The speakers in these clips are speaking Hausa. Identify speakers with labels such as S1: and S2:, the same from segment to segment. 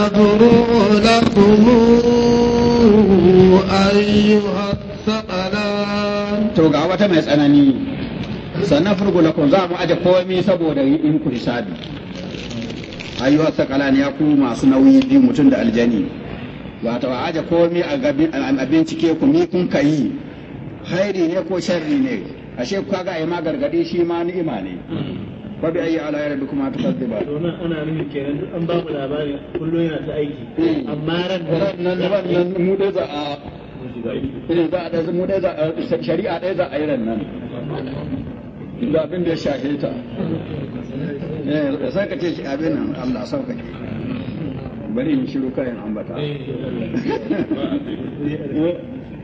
S1: يضر لكم أيها الثقلان توقع وتمس أنني سنفرق لكم زعم أجا قومي سبو دقيقين كل سابي أيها الثقلان يقوم مع سنوي دي متند الجنين wato a aje komi a bincike ku mi kun ka yi hairi ne ko sharri ne ashe kaga ai ma gargadi shi ma ni'ima ne fa bi ayi ala rabbi kuma tukazziba to nan ana nufin kenan duk an babu labari kullum yana ta aiki hmm. amma ran nan nan mu dai za a irin za a dai mu dai za a shari'a dai za a yi ran nan da abin da ya shafe ta eh sai ka ce abin nan Allah sauƙaƙe bari in shiru kayan ambata eh,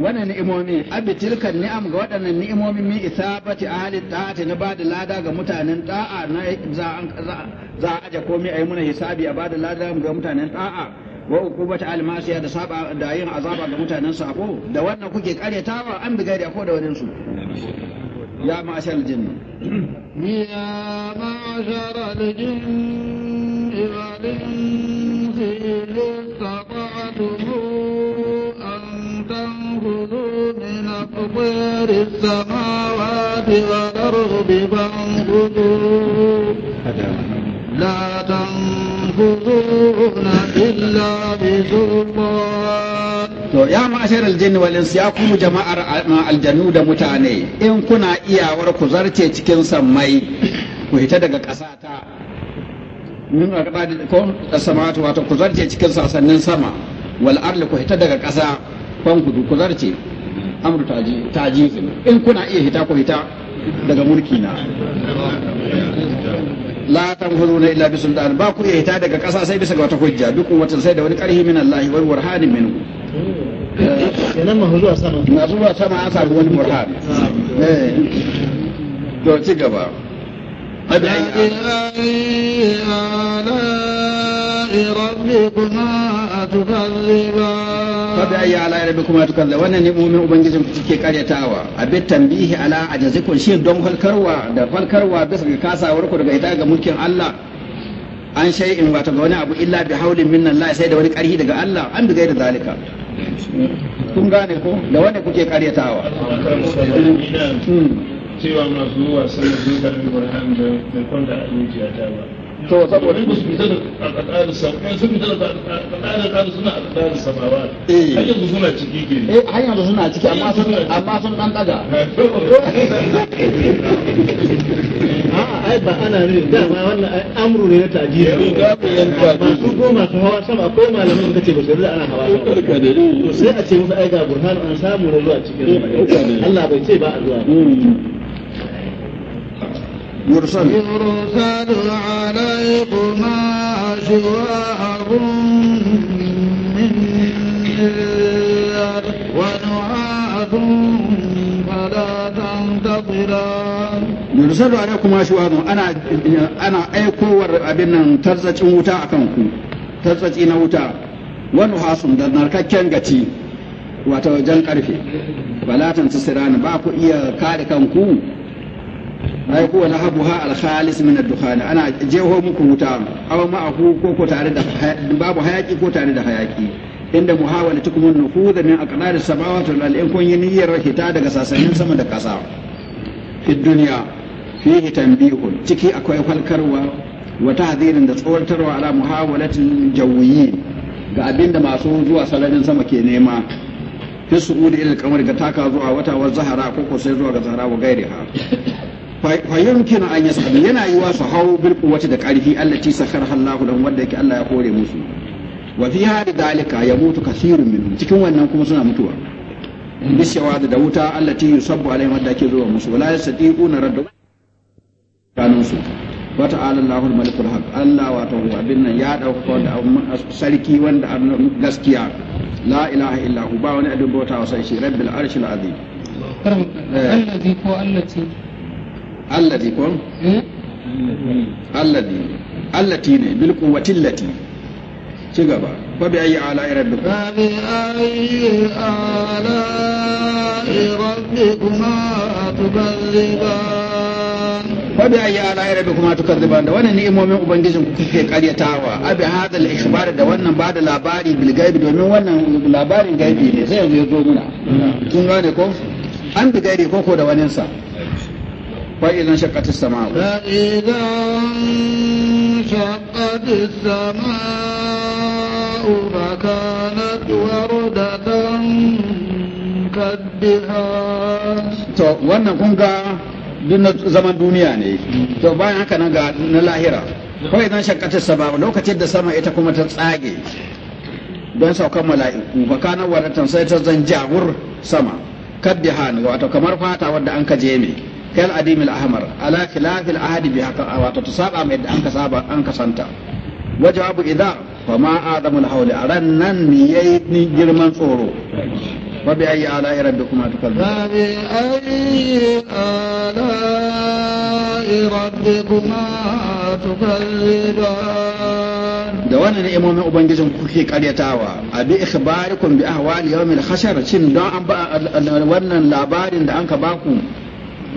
S1: wannan ni'imomi abi tilkan ni'am ga waɗannan ni'imomi min isabati ahli ta'ati na bada lada ga mutanen da'a na za za a aje komai ayi muna hisabi a bada lada ga mutanen da'a wa uqubati almasiya da saba da yin azaba ga mutanen sako da wannan kuke karyatawa an bi gari ko da wani su ya ma'ashar jinni
S2: ya ma'ashar jinni wal insi خذوا من أقطار السماوات والأرض فانفذوا لا تنفذون إلا بسلطان To ya ma'ashar aljin
S1: walinsu ya kuma jama'ar aljanu da mutane in kuna iyawar ku zarce cikin sammai ku hita daga ƙasa ta Mun a ko da samatu wato ku zarce cikin sasannin sama wal arli ku hita daga ƙasa fankudu ku zarce amru ta'jizin in kuna iya hita ku hita daga mulki na la na illa bi sultan ba ku iya hita daga ƙasa sai bisa ga wata hujja duk watan sai da wani karhi min Allah wal burhanin minhu eh, kenan ma zuwa sama na zuwa sama an samu wani burhan ah. eh to ci gaba
S2: ربكما تكذبان fabi ayya ala rabbikum ma tukalla
S1: wannan ne mu'min ubangijin ku kike karyatawa abin tambihi ala ajazikum shi don halkarwa da falkarwa bisa ga kasawar ku daga ita ga mulkin Allah an in wata ga wani abu illa bi haulin minna Allah sai da wani karhi daga Allah an bi gaida zalika kun gane ko da wanda kuke karyatawa
S2: hmm. Hmm. cewa masu wasan da zuwa da Qur'an da kwanda a ta ba to saboda su su suna samawa eh. yanzu suna ciki ke eh, har
S1: yanzu suna ciki amma sun amma sun dan daga
S2: ah, ai ba ana ne da ma wannan amru ne na goma su hawa sama ko malamin A ce ba su ana hawa sama sai a ce musu ai ga burhanu an samu ruwa cikin Allah bai ce ba a zuwa hmm. يرسل يرسل عليكما شواء من نار ونعاس فلا تنتظران يرسل
S1: عليكما شواء أنا أنا أيكو أبنا ترزج موتا أكنكم ترزج إن موتا ونعاس da narkakken gaci wato jan karfe balatan su sirani ba ku iya kare ai na lahabuha ha alhalis min ad-dukhan ana jeho muku wuta aw aku ko ko tare da babu hayaki ko tare da hayaki inda muhawala tukum nufudha min aqdar as-samawati wal in kun niyyar hita daga sasannin sama da kasa fi dunya fihi tanbihu ciki akwai falkarwa wa tahdhirin da tsoratarwa ala muhawalatin jawiyyi ga abinda masu zuwa sararin sama ke nema fi su'udi ila kamar ga taka zuwa wata wa zahara ko ko sai zuwa ga zahara wa gairiha fayyumkin an yi sabi yana yi su hau bilku wata da ƙarfi allati sakar hallahu dan wanda yake Allah ya kore musu wa fi hali dalika ya mutu kasirun min cikin wannan kuma suna mutuwa bishawa da wuta allati yusabbu alaihi wanda ke zuwa musu wala yastati'una radda kanun su wa ta'ala Allahu al-malikul haq Allah wa ta'ala abin nan ya dauka wanda sarki wanda gaskiya la ilaha illa hu ba wani bauta wa sai shi rabbil arshil azim
S2: eh. Allah ko allati allati ko eh?
S1: allati allati ne bil quwwati allati ci gaba
S2: fa bi ayi ala rabbikum
S1: fa bi ayi ala rabbikum tukadziban fa bi ayi ala rabbikum tukadziban da wannan ni'imomin ubangijin ku kuke karyatawa abi hada al ikhbar da wannan ba da labari bil gaibi domin wannan labarin gaibi ne sai yanzu ya zo muna kun gane ko an bi gairi ko ko da waninsa sa فإذا انشقت
S2: السماء فإذا انشقت السماء فكانت وردة كالدهان
S1: to wannan kun ga duk zaman duniya ne to bayan haka nan ga na lahira kawai zan shakkata sama lokacin da sama ita kuma ta tsage don saukan mala'iku ba kanar wadatan sai ta zan jawur sama hannu wato kamar fata wadda an ka jeme kal adim al ahmar ala khilaf al ahd bi haka wato ta saba mai an ka saba an ka santa wa jawabu idza fa ma adamu al hawli aran nan ni yayi ni girman tsoro wa bi ayi ala rabbikuma tukadzibun
S2: bi ayi ala rabbikuma tukadzibun da wannan
S1: ni'imomin ubangijin kuke karyatawa a bi ikhbarikum bi ahwali yawmil hashar cin don an ba wannan labarin da an ka baku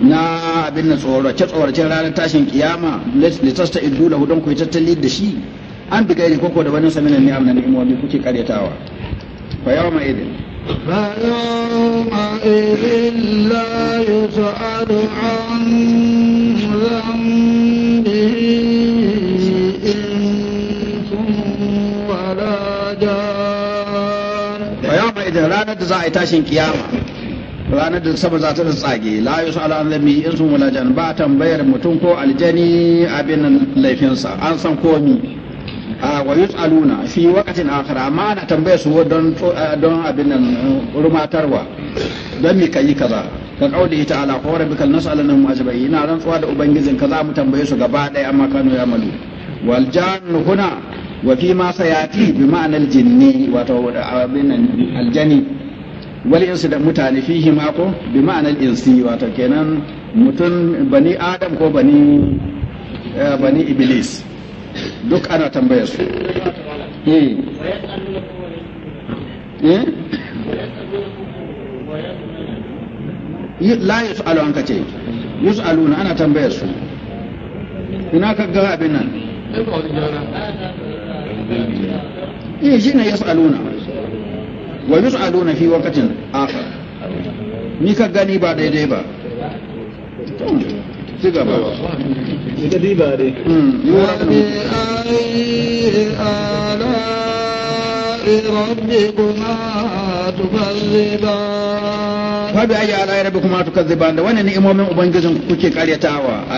S1: na abin da tsorace tsoracen ranar tashin kiyama litasta ta idu da hudon yi tattali da shi an bi gairi koko da wani saminan ne amna ni'imomi kuke karyatawa fa yawa ma idin
S2: fa yawa ma idin la yus'alu an dhanbihi insun wala jan
S1: fa yawa ma idin ranar da za a yi tashin kiyama ranar da sama za ta tsage la su ala an in sun wala jan ba tambayar mutum ko aljani abin laifinsa an san komi a wa al'una fi waqtin akhar amma ana tambayar su don don abin nan rumatarwa don mi kai kaza ka kaudi ta ala ko rabbikal nas'alunhum ajma'in ina rantsuwa da ubangijin kaza mu tambaye su gaba ɗaya amma kano ya malu wal jan huna wa fi ma sayati bi ma'anar jinni wato abin nan aljani wal da mutane fihi ma bi ma'anar insi wato kenan mutum bani adam ko bani eh, bani iblis duk ana tambayar su eh. Eh? la an kace ana tambayar su ina ka ga abin nan eh shi ne wa yus'aluna fi waqtin akhar ni ka gani ba daidai ba ci gaba
S2: ba dai hmm. Kabi
S1: ayi ala yara bikuma tuka ziba da wani ni'imomin ubangijin kuke karyatawa.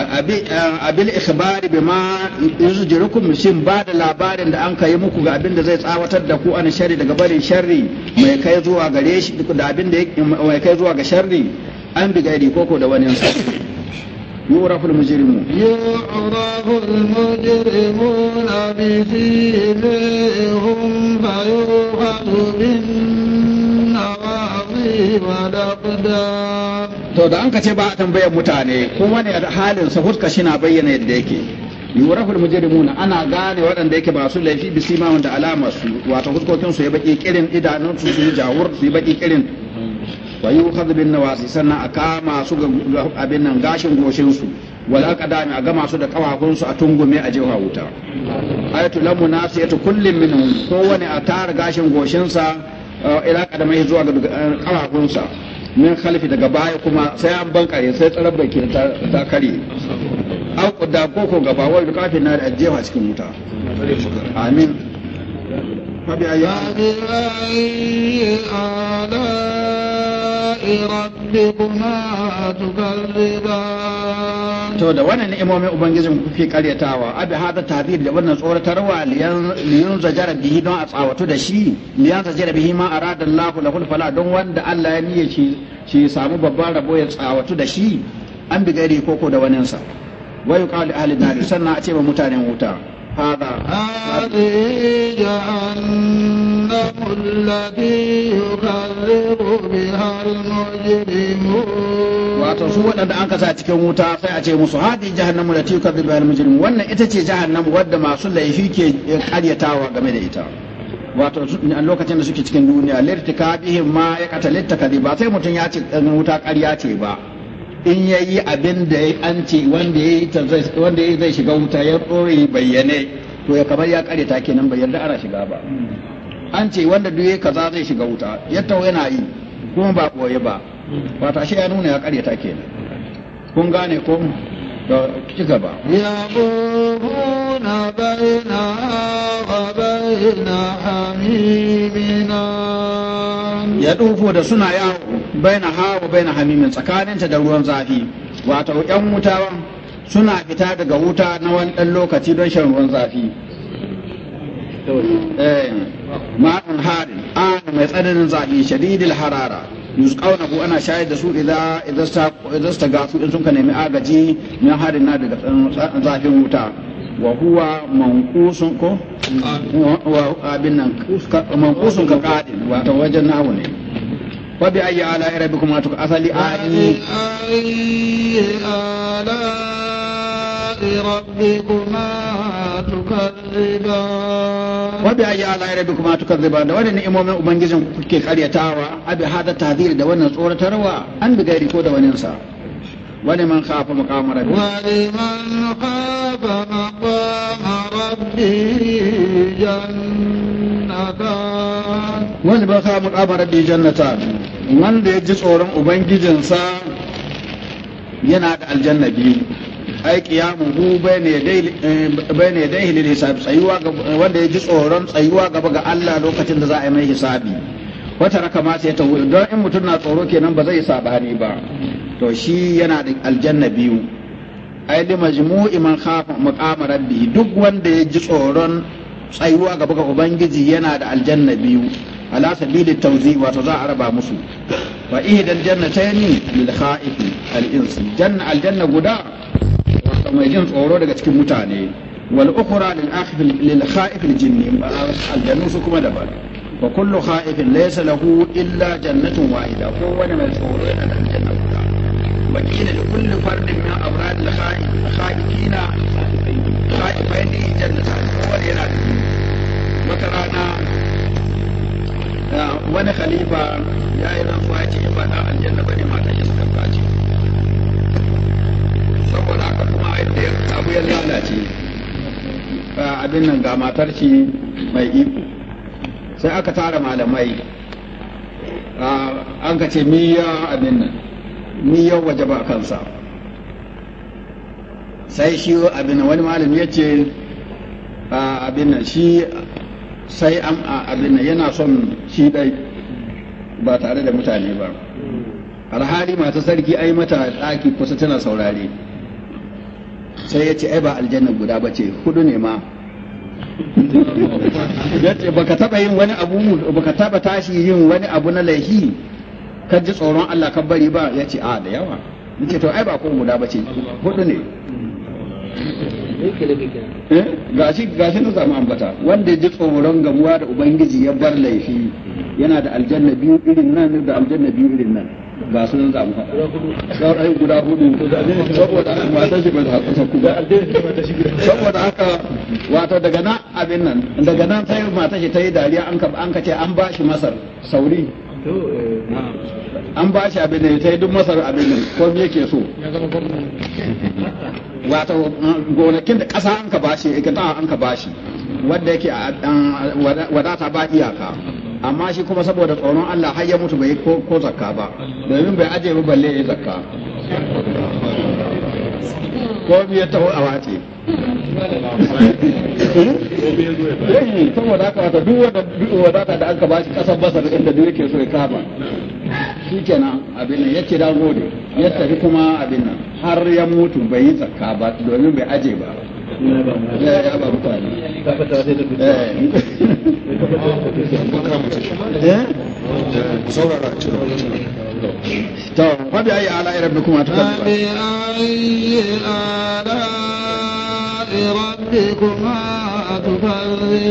S1: Abil ikhbari bi ma yanzu jiri ba da labarin da an ka muku ga abin zai tsawatar da ku ani shari daga barin shari mai kai zuwa gare da abin da kai zuwa ga shari an bi gari koko da wani يعرف المجرمون
S2: يعرف المجرمون بسيمهم فيؤخذ بالنواصي والأقدام
S1: to da an ka ce ba a tambayar mutane kowane halin sa fuska shi na bayyana yadda yake yuraful mujrimuna ana gane waɗanda yake ba su laifi bisimawan da alamar su wato fuskokin su ya baki kirin idanun su su jawur su yi baki kirin wa zubin na nawasi sannan a kama su ga abin nan gashin goshin su wal aqdami a gama su da kafafun su a tungume a jefa wuta ayatu lam ta kullin minhum kowane a tara gashin goshin sa eh, ila kadamai zuwa ga kafafun sa min khalifi daga baya kuma sai an bankare sai tsarar baki ta kare an kudda koko gaba wai kafin na da jefa cikin wuta amin to da wannan ni'imomin ubangijin fi karyatawa abi hada tahdhir da wannan tsoratarwa liyan zajara bihi don a tsawatu da shi liyan zajara bihi ma radar Allah da fala don wanda Allah ya niyya shi samu babban rabo ya tsawatu da shi an bi gairi koko da waninsa wayu qali ahli nar sannan a ce ba mutanen wuta هذا
S2: هذه جهنم
S1: wato su waɗanda an kasa cikin wuta sai a ce musu hadi jahannamu da yukadhibu bihal mujrimun wannan ita ce jahannamu wadda masu laifi ke karyatawa game da ita wato lokacin da suke cikin duniya bihin ma ya katalitta ba sai mutum ya ce wuta karya ce ba in ya yi abin da an ce wanda ya zai shiga wuta ya ɓoye bayyane to ya kamar ya ta kenan bai yarda ana shiga ba an ce wanda duk kaza zai shiga wuta ya tawo yana yi kuma ba ɓoye ba wata shi ya nuna ya ta kenan kun gane ko da ci gaba
S2: ya buna baina wa baina hamimina ya dufo da suna yawo
S1: baina hawa baina hamimin tsakaninta da ruwan zafi wato yan wuta suna fita daga wuta na wani ɗan lokaci don shan ruwan zafi eh, ma'an harin an mai tsananin zafi shadidil harara na ko ana shayar da su idan idan ta gasu in sun ka nemi agaji na harin na daga zafin wuta wa huwa mankusun ko ka qadin wajen nahu ne wa bi ayyi ala rabbikum atuk asali ayyi
S2: ala rabbikuma tukadziban wa bi ayyi
S1: ala rabbikuma tukadziban da wannan imomin ubangijin kuke karyatawa abi hada tahdhir da wannan tsoratarwa an bi gairi ko da waninsa ولمن خاف مقام ربه
S2: ولمن خاف مقام ربه جنتان
S1: ولمن خاف مقام ربه ya ji tsoron ubangijinsa yana da aljannabi. biyu ai qiyamuhu bayna yadayhi bayna yadayhi lil hisab tsayuwa wanda ya ji tsoron tsayuwa gaba ga Allah lokacin da za a yi mai hisabi wata raka ma sai ta wuri don in mutum na tsoro kenan ba zai sabani ba to shi yana da aljanna biyu ai da majmu'i man khafa maqama rabbi duk wanda ya ji tsoron tsayuwa gaba ga ubangiji yana da aljanna biyu ala sabili tawzi wato za a raba musu wa ihdal jannatayn lil khaifi al ins janna aljanna guda wato mai jin tsoro daga cikin mutane wal ukhra lil akhfi lil khaifi al jinni jannu su kuma daban wa kullu khaifin laysa lahu illa jannatun wahida ko wani mai tsoro yana da aljanna guda wa a li kulli fardin min abrad al jannatan yana da ah, wani khalifa ya yi rantsuwa ba da aljanna bane mata ya suka kwace saboda haka kuma abu ya lalace ah, abin nan ga matar shi mai iko sai aka tara malamai ah, an ka ce miya abin nan miya waje ba kansa sai shi abin nan wani malam ya ce ah, abin nan shi sai an abin nan yana son shi dai ba tare da mutane ba alhali mata sarki ai mata ɗaki kusa tana saurare sai ya ce ai ba aljanna guda ba ce hudu ne ma baka taba yin wani abu baka taba tashi yin wani abu na laihi ka ji tsoron Allah ka bari ba ya ce a da yawa Nake to ai ba ko guda bace hudu ne eh, gashi gashi na zama ambata wanda ji tsoron gamuwa da ubangiji ya bar laifi yana da aljanna biyu irin nan da aljanna biyu irin nan ba su nan za mu faɗa sauran guda hudu saboda matan shi ba ta saku ba saboda haka wato daga nan abin nan daga nan sai matan shi ta yi dariya an ka ce an ba shi masar sauri Eh, an ba shi abin da ya yi duk masar abin nan ko me yake so wata mm, gonakin da ƙasa an ka bashi ikita an ka bashi wadda yake wadata ba iyaka amma shi kuma saboda tsoron Allah har ya mutu bai ko zakka ba domin bai aje ba balle ya zakka ko biya taho a watsi eh, saboda haka wata duk wanda wadata da aka bashi kasar basar inda duk yake so ya kama shi kenan abin nan yace da gode ya tafi kuma abin nan har ya mutu bai yi zakka ba domin bai aje ba ya ba mutane saurara ciro
S2: to mabi ayi ala irab kuma ta kafa mabi ayi ala rabbikuma tukazziban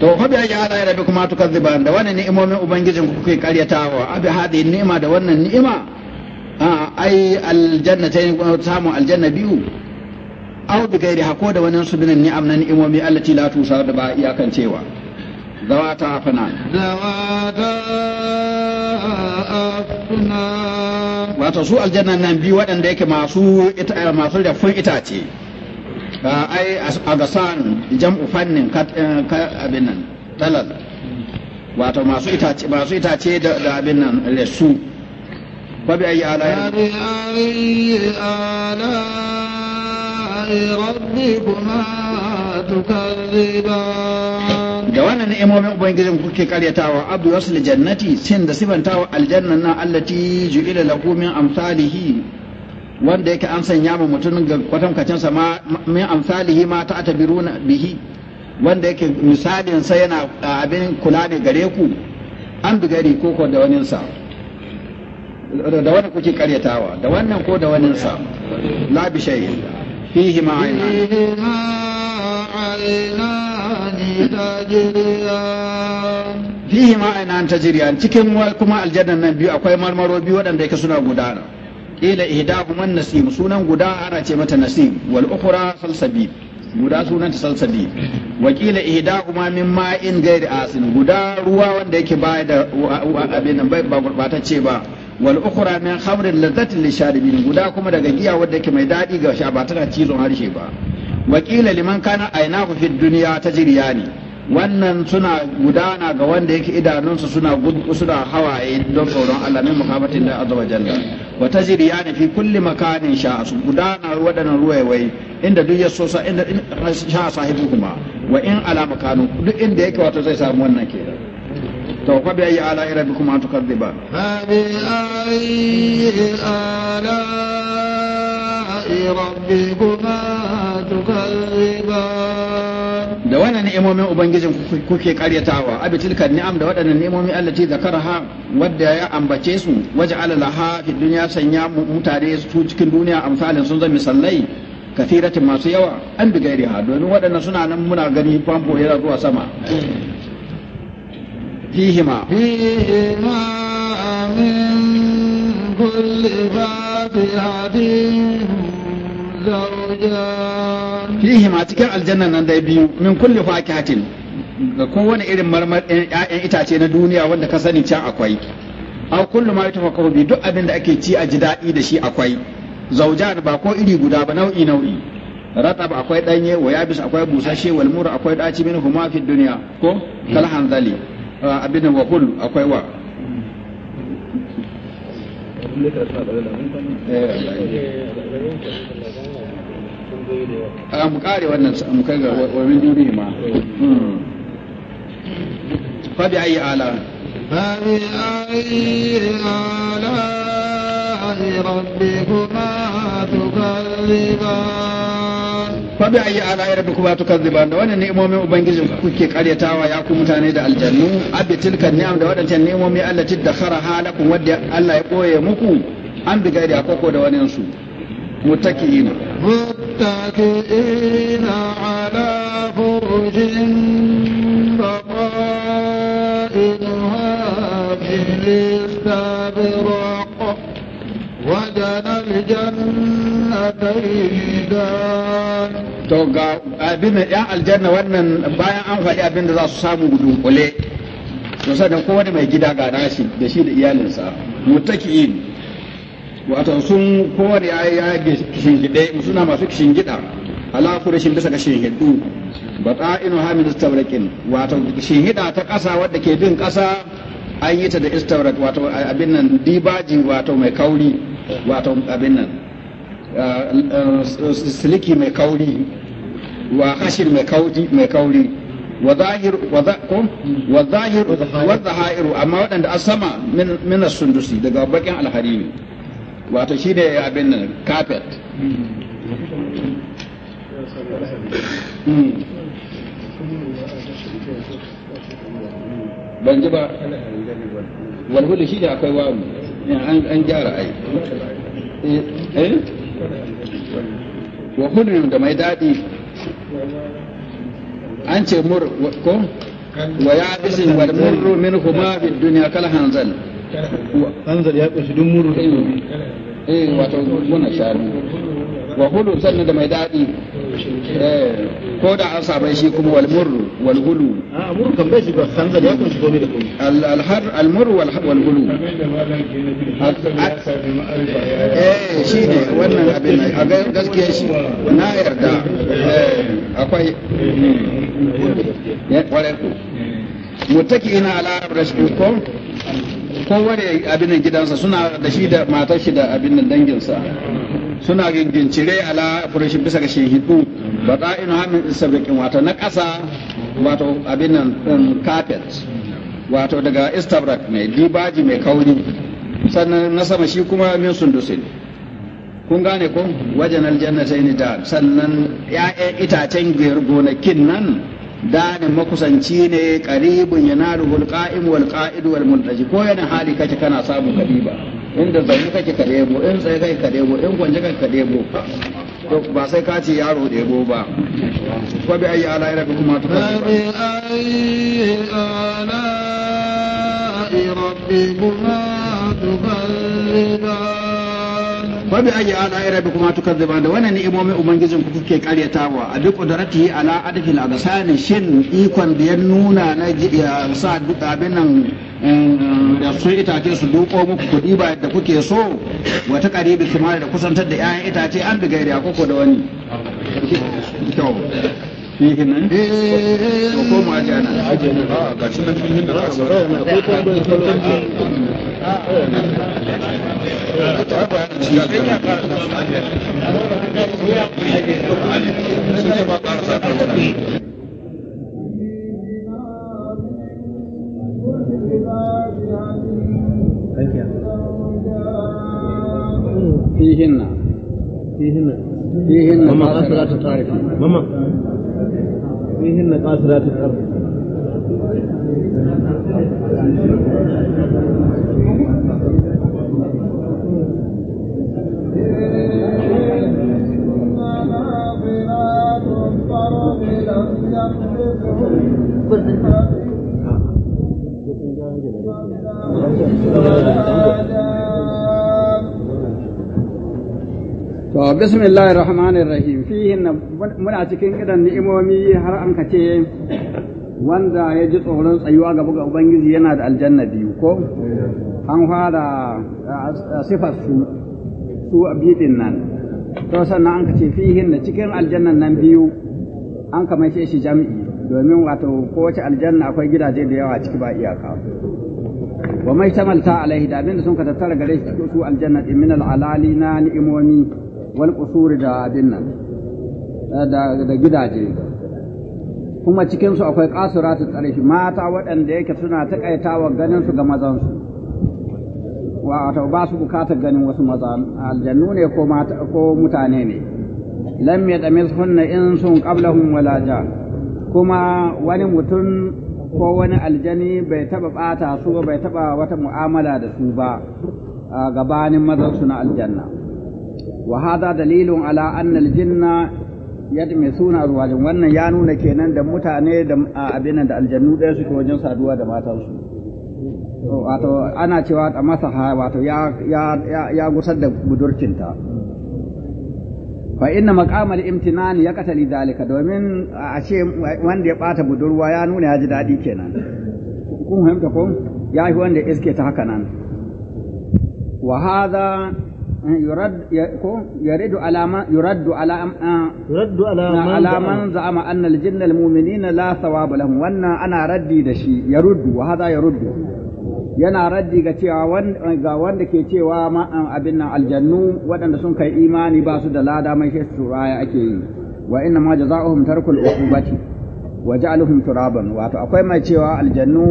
S1: to mabi ayi ala rabbikuma tukazziban da wannan ni'imomin ubangijin ku kuke karyatawa abi hadi ni'ima da wannan ni'ima A ai aljannatain samu aljanna biyu aw bi gairi hako da wannan su binan ni'am na ni'imomi Allah allati la tusa da ba iyakan cewa ذوات أفنان ذوات
S2: أفنان
S1: wato su aljanna nan biyu waɗanda yake masu eh, masu rafin itace ai a gasan jam'u fannin eh, abin nan talal wato masu da abin da wannan ni'imomin ubangijin kuke karyatawa abu wasu jannati sin da sifantawa aljanna na allati ju'ila lahu min amsalihi wanda yake an sanya ma mutum ga kwatankwacin sa ma min amsalihi ma ta atabiruna bihi wanda yake misalin sa yana abin kula ne gare ku an bi ko koko da wani sa da wani kuke karyatawa da wannan ko da wani sa la bi shay'in فيهما عينان فيهما عينان تجريان تكن عينان الجنة cikin kuma مرمرو nan biyu akwai marmaro biyu waɗanda yake suna نسيم سنة قدارة nasim sunan guda ana ce mata nasim wal ukhra salsabil guda sunanta salsabil min ma'in gairi asin guda ruwa wanda yake baya da abin nan ba gurbatacce ba wal ukhra min khamrin ladatin lisharibin guda kuma daga giya wadda yake mai dadi ga sha ba tana cizon harshe ba wakila liman kana ainahu fid dunya tajriyani wannan suna gudana ga wanda yake idanunsu suna suna hawaye don tsoron Allah min muhammadin da azza wa jalla wa tajriyani fi kulli makanin sha su gudana wadannan ruwaiwai inda duk yaso sa inda sha sahibu kuma wa in ala makanu duk inda yake wato zai samu wannan kenan to fa bi ayi ala rabbikum atukadiban
S2: fa bi ayi ala rabbikum da wannan ni'imomin
S1: ubangijin kuke karyatawa abi tilka ni'am da wadannan ni'imomi allati zakaraha wadda ya ambace su waje alalaha fi dunya sanya mutane su cikin duniya amsalin sun zama misallai kathiratin masu yawa an bi gairi ha, domin waɗannan suna nan muna gani famfo yana zuwa
S2: sama فيهما فيهما من كل زوجان
S1: فيهما cikin aljanna nan dai biyu min kulli ga kowane irin marmar 'ya'yan itace na duniya wanda ka sani can akwai aw kullum ma yatafakkaru duk abin da ake ci a ji daɗi da shi akwai zaujan ba ko iri guda ba nau'i nau'i ba akwai ɗanye wa yabis akwai busashe walmura akwai ɗaci min huma fi duniya ko kal hanzali abin nan wa hul akwai wa a mu kare wannan mu kai ga wani juri ma fa bi ayi
S2: ala fa ayi ala rabbikuma tukazziban
S1: fa bi ayi ala rabbikuma tukazziban da wannan ni'imomin ubangiji kuke karyatawa ya ku mutane da aljannu abi tilka ni'am da wadancan ni'imomi Tidda Khara halakum wadda Allah ya koye muku an bi a koko da wani su muttaki'ina
S2: muttaki'ina ala furujin بطائنها من استبرق
S1: to ga abin da ya aljanna wannan bayan an faɗi abin da za su samu dunkule to ko kowane mai gida ga nashi da shi da iyalinsa mutaki'in wato sun kowane ya ya gida suna masu gida ala furashin bisa ga shingidu bata'inu hamid istabrakin wato gida ta ƙasa wadda ke bin ƙasa an yi ta da istaurat wato abin nan dibaji wato mai kauri wato abin nan siliki mai kauri wa hashir mai kauri mai kauri wa zahir wa zahir wa zahiru amma waɗanda asama min min sundusi daga bakin alharimi wato shine abin nan carpet
S2: ban ji ba walhuli
S3: shi ne akwai
S1: an gyara ai eh wa hudun da mai daɗi an ce mur ko
S2: wa ya bisin wal murru min huma fi duniya kal hanzal
S1: hanzal ya kunshi dun murru eh wato muna shanu wa hudun sannan da mai daɗi Eh, ko da an samu shi kuma wal murru wal gulu a ah, murru kan wal har eh shi ne wannan abin a gaskiya shi na yarda eh, akwai ya hmm. kwarar eh, ku mutaki ina ala rashku ko kowane abin gidansa suna da shi da matar shi da abin danginsa suna rai ala furushin bisa ga shehidu ba ta ɗa'in hamin sabrikin wato na ƙasa wato abin nan um, carpet wato daga istabrak mai, dibaji mai kauri sannan na sama shi kuma min sundusin kun gane ko wajen aljannatai ni da sannan ya'yan itacen gonakin nan dani makusanci ne karibin yana ruhul qa'im wal qa'id wal multaji ko yana hali kake kana samu kadiba inda zaune kake ka ɗebo in tsaye kai kaɗe ɗebo in kwanje kai ka to ba sai ka ce yaro ɗebo ba ko bi ayi ala ira kuma ta ba bi
S2: ayi ala rabbikuma tukallibaa
S1: fa bi ayi ala tuka zaba da wannan ni'imomin ubangijin ku kuke karyatawa a duk qudratihi ala adfil absani shin ikon da ya nuna na sa duk abin nan eh, da su itace su duko muku kudi ba da kuke so wata bi kuma da kusantar da 'ya'yan itace an bi gairi koko da wani فيهن وقوم
S2: عجانا عجانا اه فيهن رأس
S1: فيهن فيهن
S2: فيهن ماما
S3: فيهن قاصرات الارض Thank إيه. you.
S2: الرحمن
S1: الرحيم فيه ان muna cikin idan ni'imomi har an kace wanda ya ji tsoron tsayuwa gaba ga ubangiji yana da aljanna biyu ko an fara sifar su su abidin nan to sannan an kace fihin da cikin aljannan nan biyu an kamace shi jam'i domin wato kowace aljanna akwai gidaje da yawa ciki ba iyaka wa mai tamalta alaihi da abinda sun ka tattara gare shi su aljanna min al'alali na ni'imomi wal qusuri da abin nan eh, da gidaje kuma cikinsu akwai akwai ta tsarishi mata waɗanda yake suna taƙaitawa ganin su ga mazan su wato ba su bukatar ganin wasu mazan. aljannu ne ko mata ko mutane ne lam yadamishunna sun qablahum wala jan kuma wani mutum ko wani aljani bai taɓa bata su bai taɓa wata mu'amala da su ba a gabanin mazan su na aljanna وهذا دليل على أن الجن يدمسون أزواجهم وأن يانون كينان دم متاني دم أبين دا الجنو دا سكو وجن سادوا دم آتاوسو wato ana cewa a masaha wato ya ya ya gusar da budurcinta fa inna maqamal imtinan ya katali zalika domin a ce wanda ya bata budurwa ya nuna ya ji dadi kenan kun fahimta ko ya yi wanda iske ta haka nan wa hadha يرد يرد على ما يرد على يرد على من زعم ان الجن المؤمنين لا ثواب لهم وان انا ردي da shi يرد وهذا يرد yana raddi ga cewa ga wanda ke cewa ma'an abin nan aljannu waɗanda sun kai imani ba su da lada mai shi turaya ake yi wa inna ma jaza'uhum tarkul uqubati wa ja'aluhum turaban wato akwai mai cewa aljannu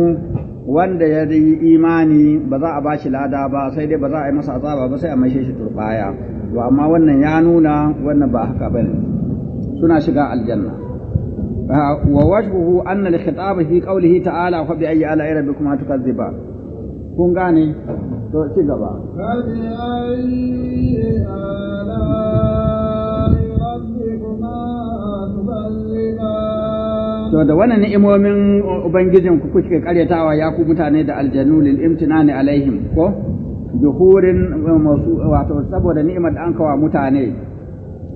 S1: wanda ya yi imani ba za a ba shi lada ba sai dai ba za a yi masa azaba ba sai a maishe shi turbaya to amma wannan ya nuna wannan ba haka bane suna shiga aljanna ah, wa wajhuhu anna al-khitab fi qawlihi ta'ala fa bi ayyi ala rabbikum tukadziba kun gane to ci gaba
S3: to da wannan ni'imomin
S1: ubangijin ku kuke karyatawa ya ku mutane da aljanu lil imtinani alaihim ko juhurin eh, wato saboda ni'imar da an kawa mutane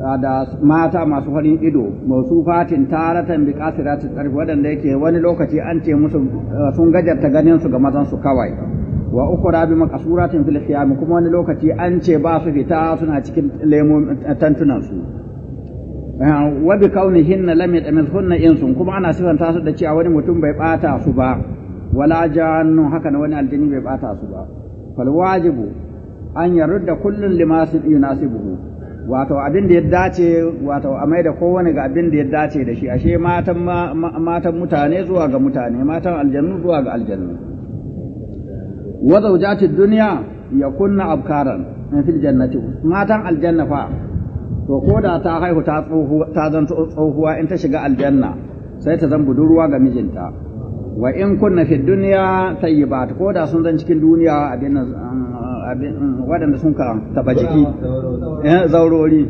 S1: ah, da mata masu farin ido masu fatin taratan bi kasirati tsarfi wadanda yake wani lokaci an ce musu eh, sun gajarta ganin su ga mazan su kawai wa ukura bi makasuratin fil khiyam kuma wani lokaci an ce ba su fita suna cikin lemon eh, tantunan su Eh, wa bi kaunihin lam yatmithunna insun kuma ana sifanta su da cewa wani mutum bai bata su ba wala jannu haka na wani aljini bai bata su ba fal wajibu an yarudda kullun lima yunasibuhu wato abin da ya dace wato a maida kowane ga abin da ya dace da shi ashe matan matan mutane zuwa ga mutane matan aljannu zuwa ga aljannu wa zawjatid dunya yakunna abkaran fil jannati matan aljanna fa to ko da ta haihu ta ta zan tsohuwa in ta shiga aljanna sai ta zan budurwa ga mijinta wa in kunna fi dunya tayyibat ko da sun zan cikin duniya abin um, um, wadanda sun ka taba jiki eh, zaurori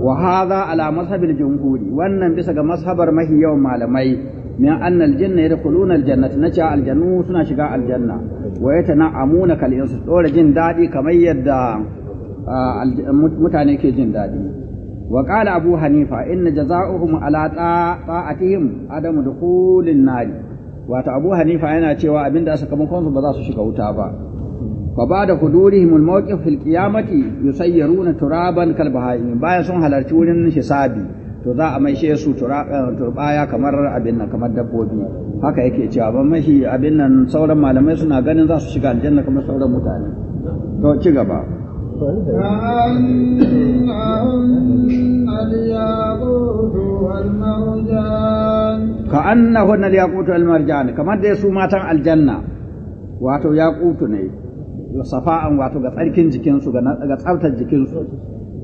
S1: wa hadha ala mazhabil jumhuri wannan bisa ga mazhabar mahi yawan malamai min anna aljanna yadkhuluna aljannata nace aljannu suna shiga aljanna wa yatana'amuna kal insu dora jin dadi kamar yadda mutane ke jin daɗi وقال أبو حنيفة inna جزاؤهم على Adamu da دخول النار wato abu hanifa yana cewa abin da sakamakon su ba za su shiga wuta ba fa ba da hudurihim almawqif fil qiyamati yusayyiruna turaban kal bahaim bayan sun halarci wurin hisabi to za a maishe su eh, turbaya kamar abin nan kamar dabbobi haka yake cewa ban mashi abin nan sauran malamai suna ganin za su shiga aljanna kamar sauran mutane to ci gaba ka annahunna al-yaqutu wal-marjan kamar dai su matan aljanna wato yaqutu ne safa'an wato ga tsarkin jikinsu ga tsaftar jikinsu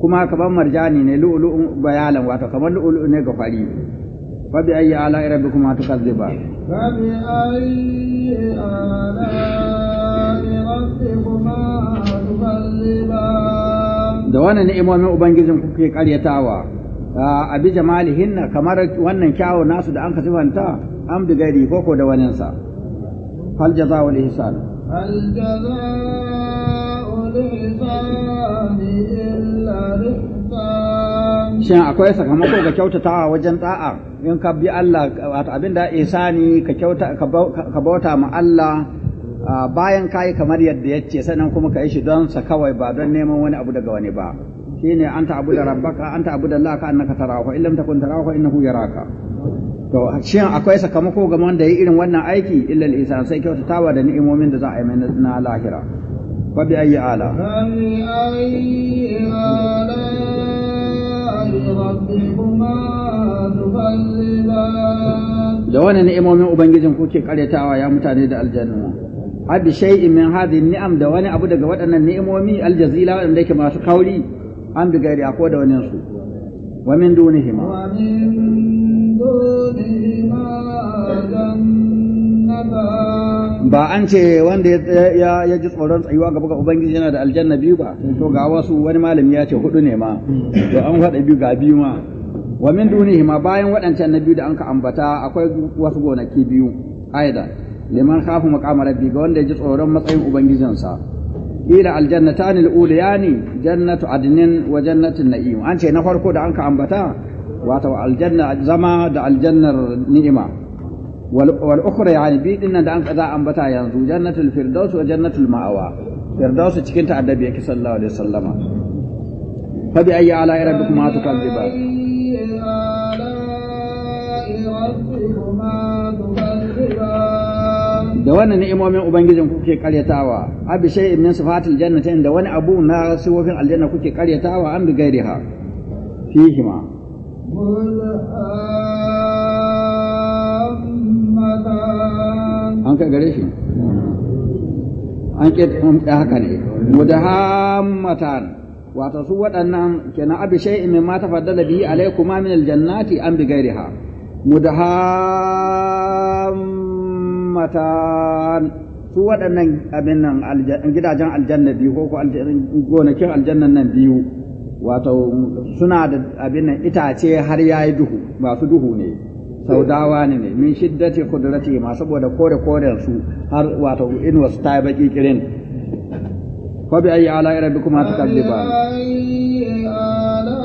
S1: kuma kamar marjani ne lu'ulu'un bayalan wato kamar lu'ulu'un ne ga fari fa bi ayyi ala rabbikuma tukazziba
S3: ba bi ayyi ala kuma. da wannan
S1: ni'imomin ubangijin kuke karyatawa a bi jamalihin kamar wannan kyawu nasu da an ka sifanta am bi gari koko da wani sa hal jaza wal ihsan
S3: hal jaza wal shin akwai sakamako ga
S1: kyautatawa wajen da'a in ka bi Allah abinda ihsani ka kyauta ka bauta ma Allah Ah, bayan ka yi kamar yadda ya ce sannan kuma ka yi shi don sa kawai ba don neman wani abu daga wani ba Shi ne an da rabbaka an ta'budu Allah ka annaka tarahu in lam takun in innahu yaraka to shi akwai sakamako ga wanda yi irin wannan aiki illa al-insan sai kyautatawa da ni'imomin da za a yi mai na lahira fa bi ayyi ala da wani ni'imomin ubangijin kuke karyatawa ya mutane da aljanna abi shay'in min hadhihi ni'am da wani abu daga waɗannan ni'imomi aljazila waɗanda yake masu kauri an bi gari ko da wani su wa min dunihima wa min ba an ce wanda ya ji tsoron tsayuwa gaba ga ubangiji yana da aljanna biyu ba to ga wasu wani malami ya ce hudu ne ma to an faɗa biyu ga biyu ma wa min ma bayan waɗancan na biyu da an ka ambata akwai wasu gonaki biyu aidan liman khafu maqama rabbi ga wanda ya ji tsoron matsayin ubangijinsa ila aljannatan aluliyani jannatu adnin wa jannatu na'im an ce na farko da an ka ambata wato aljanna zama da aljannar ni'ima wal ukhra yani bi dinnan da an kaza ambata yanzu jannatul firdaus wa jannatul ma'awa firdaus cikin ta addabi yake sallallahu alaihi wasallama fa bi ayyi ala rabbikuma tukadziban da wannan ni'imomin ubangijin kuke karyatawa abi shay'in min sifatil jannati da wani abu na sifofin aljanna kuke karyatawa an bi gairi gairiha fihi ma an kai gare shi an ke haka ne mudahammatan wato su waɗannan kenan abi shay'in min ma tafaddala bihi alaykuma min aljannati an bi gairiha mudahammatan ummatan su waɗannan abin nan gidajen aljanna biyu ko gonakin aljannan nan biyu wato suna da abin nan itace har yayi duhu masu duhu ne saudawa ne ne min shiddati qudrati ma saboda kore koren su har wato wasu ta baki kirin fa bi ayi ala rabbikuma tukazziban
S3: ala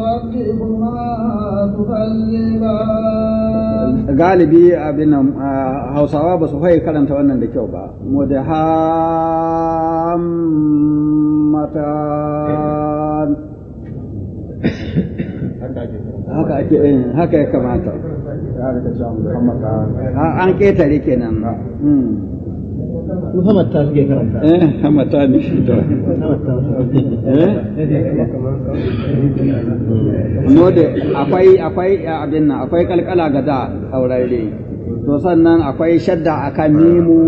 S3: rabbikuma
S1: galibi abin nan hausawa ba su haye karanta wannan da kyau ba mudahammatan
S3: haka ake eh, haka ya kamata
S2: an
S1: ketare kenan hamatta suke karanta eh to eh?
S2: mode akwai
S1: akwai abin nan akwai kalkala ga da aurare to sannan akwai shadda akan mimu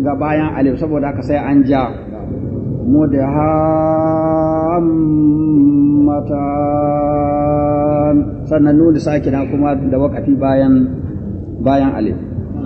S1: ga bayan alif saboda haka sai an ja mode hammatan sannan nuni sakina kuma da wakafi bayan bayan alif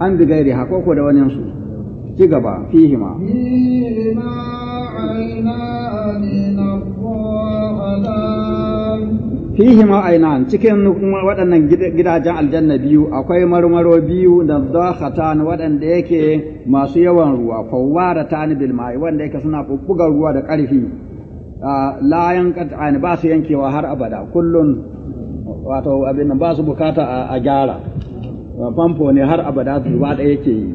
S1: an bi gairi ha koko da wani su ci gaba fihima ma ainan cikin waɗannan gidajen aljanna biyu akwai marmaro biyu da dakhatan waɗanda yake masu yawan ruwa kowa tani bil mai wanda yake suna bubbugar ruwa da ƙarfi ah, la yanqata ba su yankewa har abada kullun wato abin ba su bukata a gyara famfo ne har abada su ba da yake yi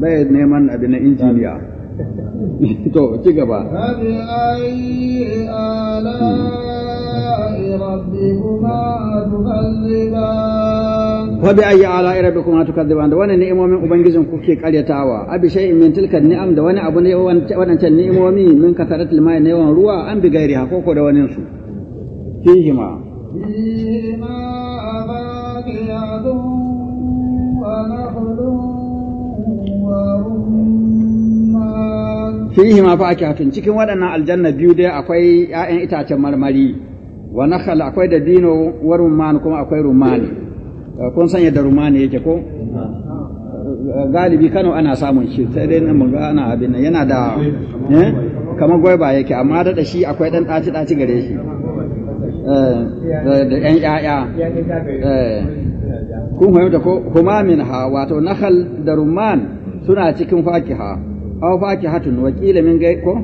S1: bai neman abu na injiniya to ci gaba ayi bi ayyi ala rabbikum tukadhiban da wani ni'imomin ubangijin kuke karyatawa abi shai min tilka ni'am da wani abu ne wadancan ni'imomi min kasaratil mai ne yawan ruwa an bi gairi hakoko da wani su fihima
S3: fihima
S1: fihi ma fakihatun cikin waɗannan aljanna biyu dai akwai ƴaƴan itacen marmari wa nakhal akwai da dino wa rumman kuma akwai rumani eh, kun san yadda rumani yake ko galibi Kano ana samun shi sai dai nan mun ana abin nan yana da eh kamar gwaiba yake amma da shi akwai dan ɗaci ɗaci gare shi eh, da ƴan ƴaƴa eh, kun fahimta ko min ha wato nakhal da rumman suna cikin fakiha aw fakihatun wa qila min gai ko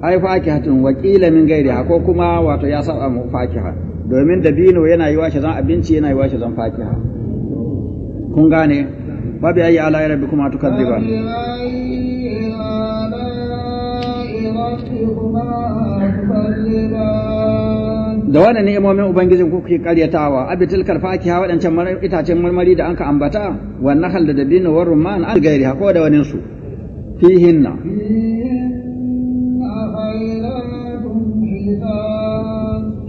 S1: ai fakihatun wa qila min gairiha ko kuma wato ya saba mu fakiha domin dabino yana yi washe zan abinci yana yi washe zan fakiha kun gane ba bi ayi ala rabbikuma tukadziban da wannan ni'imomin ubangijin ku kuke karyatawa abitil karfakiya waɗancan itacen marmari da anka ambata wannan hal da dabino war rumman an gairi ko da su. فيهن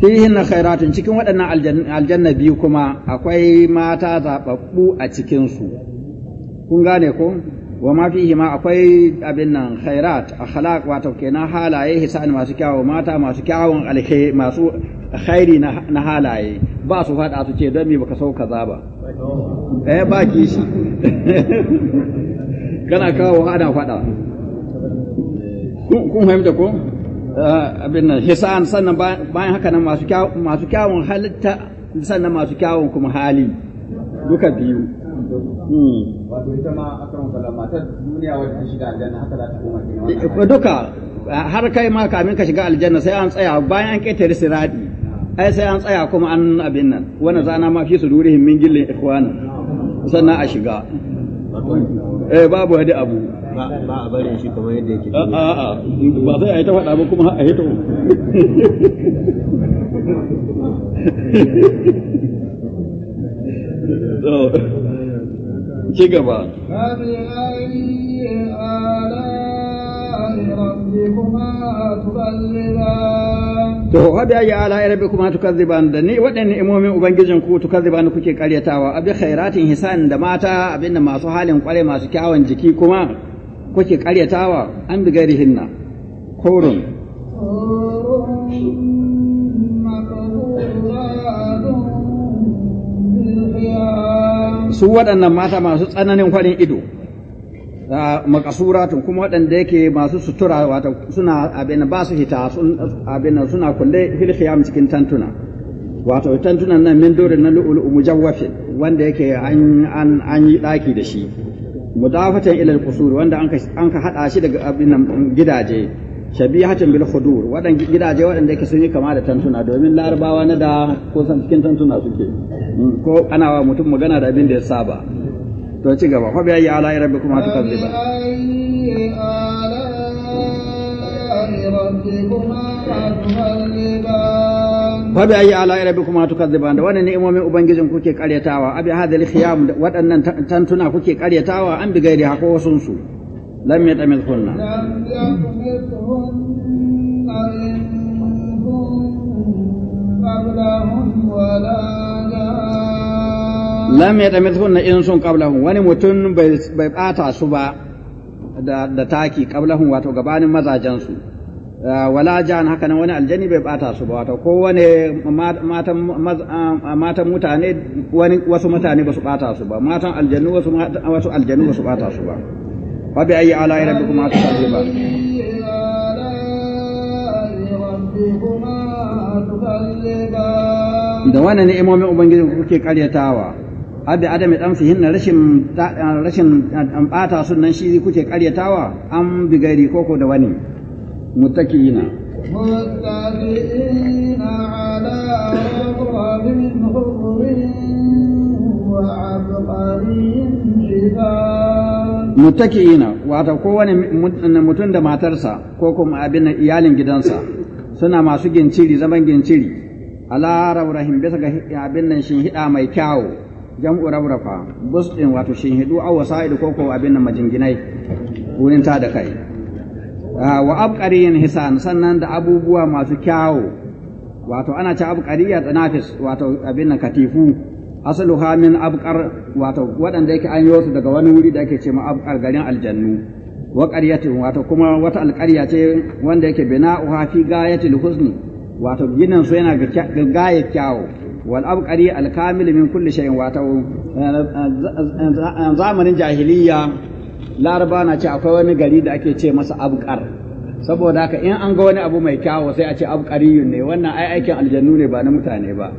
S1: fihin khairatun cikin waɗannan aljanna biyu kuma akwai mata zaɓaɓɓu a cikinsu kun gane ko wa ma fihi ma akwai abin nan khairat akhlaq wato kenan halaye hisan masu kyawu mata masu kyawun alhe masu khairi na halaye ba su faɗa su ce don me baka sau kaza ba eh ba shi
S2: kana kawo ana faɗa
S1: kun fahimta ko eh, abin nan hisan sannan bayan haka nan masu kyawun halitta sannan masu kyawun kuma hali duka biyu hmm. wato ita ma akan kala matar duniya wadda shiga aljanna haka za ta koma kenan eh, duka har kai ma kamin ka shiga aljanna sai an tsaya bayan an ketare siradi ai sai an tsaya kuma an abin nan wani zana ma fi su durihim min gillin ikhwana sannan a shiga eh babu hadi abu ba a bari shi kamar yadda yake a a
S2: ba sai a yi ta
S1: faɗa ba kuma a yi ta
S2: ci gaba
S1: To, wabi ayi ala ya rabbi kuma tukazziban da ni waɗanne imomin Ubangijin ku tukazziban kuke karyatawa, abi khairatin hisan da mata abinda masu halin kware masu kyawun jiki kuma kuke karyatawa an bi gari hinna. Korun. Su waɗannan mata masu tsananin kwarin ido. makasuratun kuma waɗanda yake masu sutura wata, suna abin ba su hita abin suna kulle fil mu cikin tantuna wato tantunan nan min dole na mu mujawwafin wanda yake an an an yi daki da shi mudafatan ila al kusuri, wanda an ka an ka hada shi daga abin gidaje shabihatan bil khudur wadan gidaje wadanda yake sun yi kama da tantuna domin larabawa na da ko san cikin tantuna suke
S2: hmm,
S1: ko ana wa mutum magana da abin da ya saba to ci gaba fa bi ala kuma rabbikum hatukadziba fa bi ayi ala rabbikum hatukadziba da wannan ni'imomin ubangijin kuke karyatawa abi hadhal khiyam waɗannan tantuna kuke karyatawa an bi gairi hako wasun su lam yatamithunna
S3: قبلهم ولا lam ya
S1: tamil hunna in sun qablahum wani mutum bai bata su ba da taki qablahum wato gabanin mazajen su ah, wala jan haka nan wani aljani bai bata su ba wato kowane matan ah, ah, matan mutane wani wasu mutane ba su bata su ba matan aljannu wasu wasu aljannu ba su bata su ba fa bi ayi ala rabbikuma tukadziba da wannan ni'imomin ubangiji kuke karyatawa abi adam fihin rashin rashin bata sunan shi kuke ƙaryatawa an bi gairi koko da wani muttakiina muttakiina ala ko wani wato kowane mutum da matarsa ko kuma abin iyalin gidansa suna masu ginciri zaman ginciri ala raurahim bisa ga abin nan shin hida mai kyau. jam'u rafrafa bustin wato Shin hidu aw wasa'id ko ko abin nan majinginai wurin ta da kai ah, wa abqariyin hisan sannan da abubuwa masu kyawo wato ana ci abqariya tsanafis wato abin nan katifu asluha min abqar wato waɗanda yake an su daga wani wuri da ake ce ma abqar garin aljannu wa qaryatin wato kuma wata alqarya ce wanda yake bina'uha fi gayatil husni wato ginin su yana ga gaya kyawo والأبقري الكامل من كل شيء واتو shay'in wa zamanin jahiliya laraba na ce akwai wani gari da ake ce masa abqar saboda haka in an ga wani abu mai kyawo sai a ce abqariyun ne ba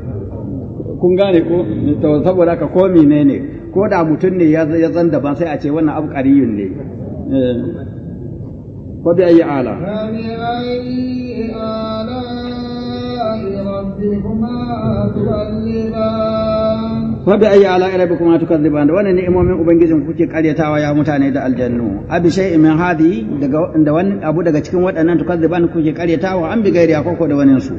S1: kun gane ko to saboda haka ko menene ko da mutum ne ya zan da daban sai a ce wannan abqariyun ne ko eh. bi ayi ala Wadda ayi ala irabi kuma tukar ziban da wani ni'imomin Ubangijin kuke karyatawa ya mutane da aljannu. Abi shai min hadi da wani abu daga cikin waɗannan tukar ziban kuke karyatawa an bi gairi akoko da wani su.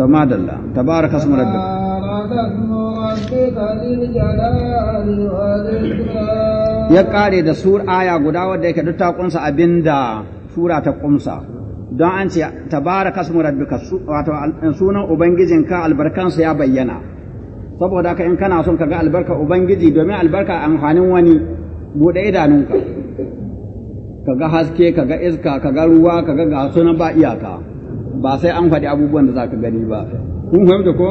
S1: To madalla, tabaraka su murabbi. Ya kare da sur aya guda wadda yake duk ta kunsa abinda sura ta kunsa. don an ce tabaraka rabbi rabbika wato sunan ubangijinka albarkansa ya bayyana saboda haka in kana son ka ga albarka ubangiji domin albarka amfanin wani buɗe idanunka ka ga haske ka ga iska ka ga ruwa ka ga ga sunan ba iyaka ba sai an faɗi abubuwan da za ka gani ba kun fahimta ko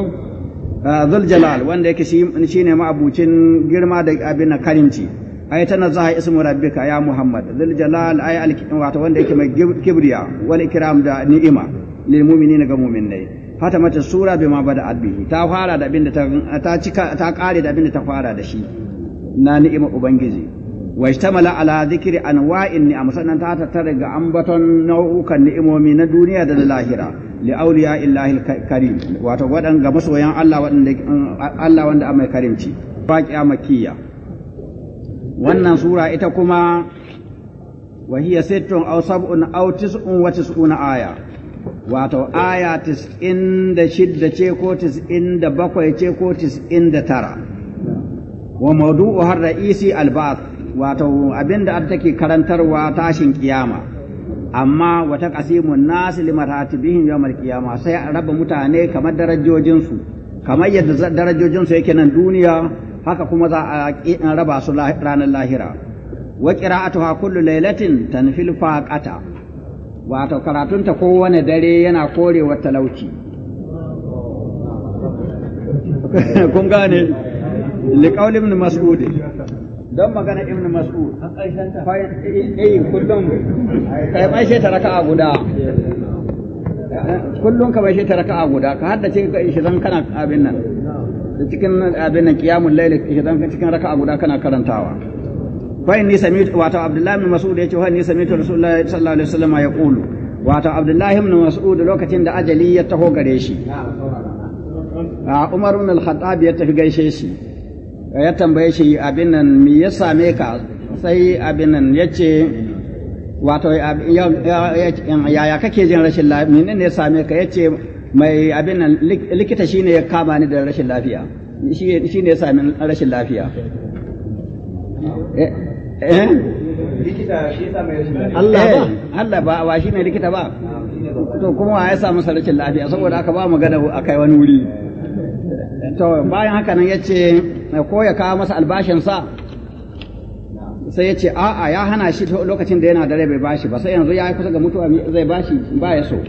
S1: ah, zul jalal wanda yake shi ne ma'abucin girma da abin karinci Ai ay tanazzaha ismu rabbika ya muhammad dhul jalal ay al wato wanda yake mai kibriya wal ikram da ni'ima lil mu'minina ga mu'minai fata mata sura bima bada bihi ta fara da abinda ta cika ta kare da abinda ta fara da shi na ni'ima ubangiji wa ishtamala ala dhikri anwa'in ni'am sannan ta tattara ga ambaton nau'ukan ni'imomi na duniya da na lahira li awliya illahi karim wato wadan ga masoyan Allah wadanda Allah wanda amai karimci baqiya makiyya wannan sura ita kuma wahiya sittun aw sab'un aw tis'un wa tis'una aya wato aya tis'in da shidda ce ko tis'in da bakwai ce ko tis'in da tara wa mawdu'u har ra'isi al alba'th wato abinda ad take karantarwa tashin kiyama amma wata qasimun nas limaratibihim yawm al qiyama sai a raba mutane kamar darajojin su kamar yadda darajojin su yake nan duniya haka kuma za a raba su ranar lahira wa qira'atuha kullu lailatin tanfil faqata wato karatunta kowane dare yana korewa talauci kun gane liqaul ibn mas'ud don magana ibn mas'ud eh, eh, kullum kai mai shi taraka guda eh, kullum ka mai shi taraka guda ka haddace ka shi zan kana abin nan cikin abin nan idan cikin guda kana karantawa fa inni sami'tu wato abdullahi ibn mas'ud yace fa inni sami'tu rasulullahi sallallahu alaihi wasallam yaqulu abdullahi ibn mas'ud lokacin da ajali ya taho gare shi a umar ibn al-khattab ya tafi gaishe shi ya tambaye shi abin nan me ya same ka sai abin nan yace wato yaya kake jin rashin lafiya menene ya same ka yace mai abin nan likita shine ya kama ni da rashin lafiya shi ne ya sami rashin lafiya eh, eh
S3: likita shi ya sami rashin lafiya Allah ba eh.
S1: Allah ba wa shine likita ba to kuma ya samu rashin lafiya saboda aka ba mu a akai wani wuri to bayan haka nan yace ko ya kawo masa albashin sa sai ya ce a'a ya hana shi lokacin da yana da rai bai bashi ba sai yanzu ya kusa ga mutuwa zai bashi ba ya so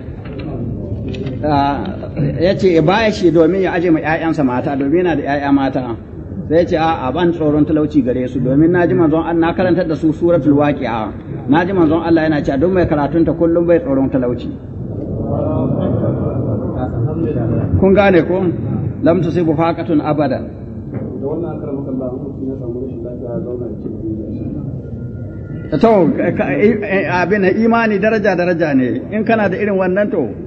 S1: ya ce baya shi domin ya aje ma 'ya'yansa mata domin yana da 'ya'ya mata sai ya ce a ban tsoron talauci gare su domin na ji manzon Allah na karanta da su suratul waqi'a na ji manzon Allah yana cewa duk mai karatunta kullum bai tsoron talauci kun gane ko lam tusibu faqatun abada da
S3: wannan ya rashin lafiya zauna
S1: cikin to abin imani daraja daraja ne in kana da irin wannan to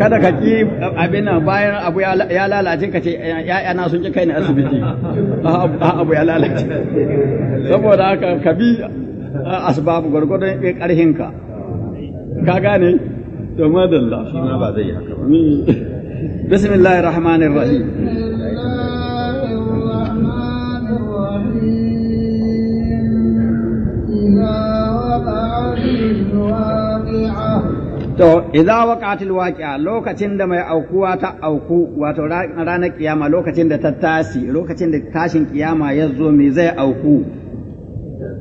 S1: kada ka ki abin nan bayan abu ya lalace ka ce ya na sun ki kai ni asibiti abu ya lalace saboda haka ka bi asbabu gwargwadon ƙarhinka ka ka gane da madalla shi ma ba zai haka ba bismillahir rahmanir rahim
S3: إذا
S1: To, idza waqatil waqi'a lokacin da mai aukuwa ta auku wato ranar kiyama lokacin da ta tasi lokacin da tashin kiyama ya zo me zai auku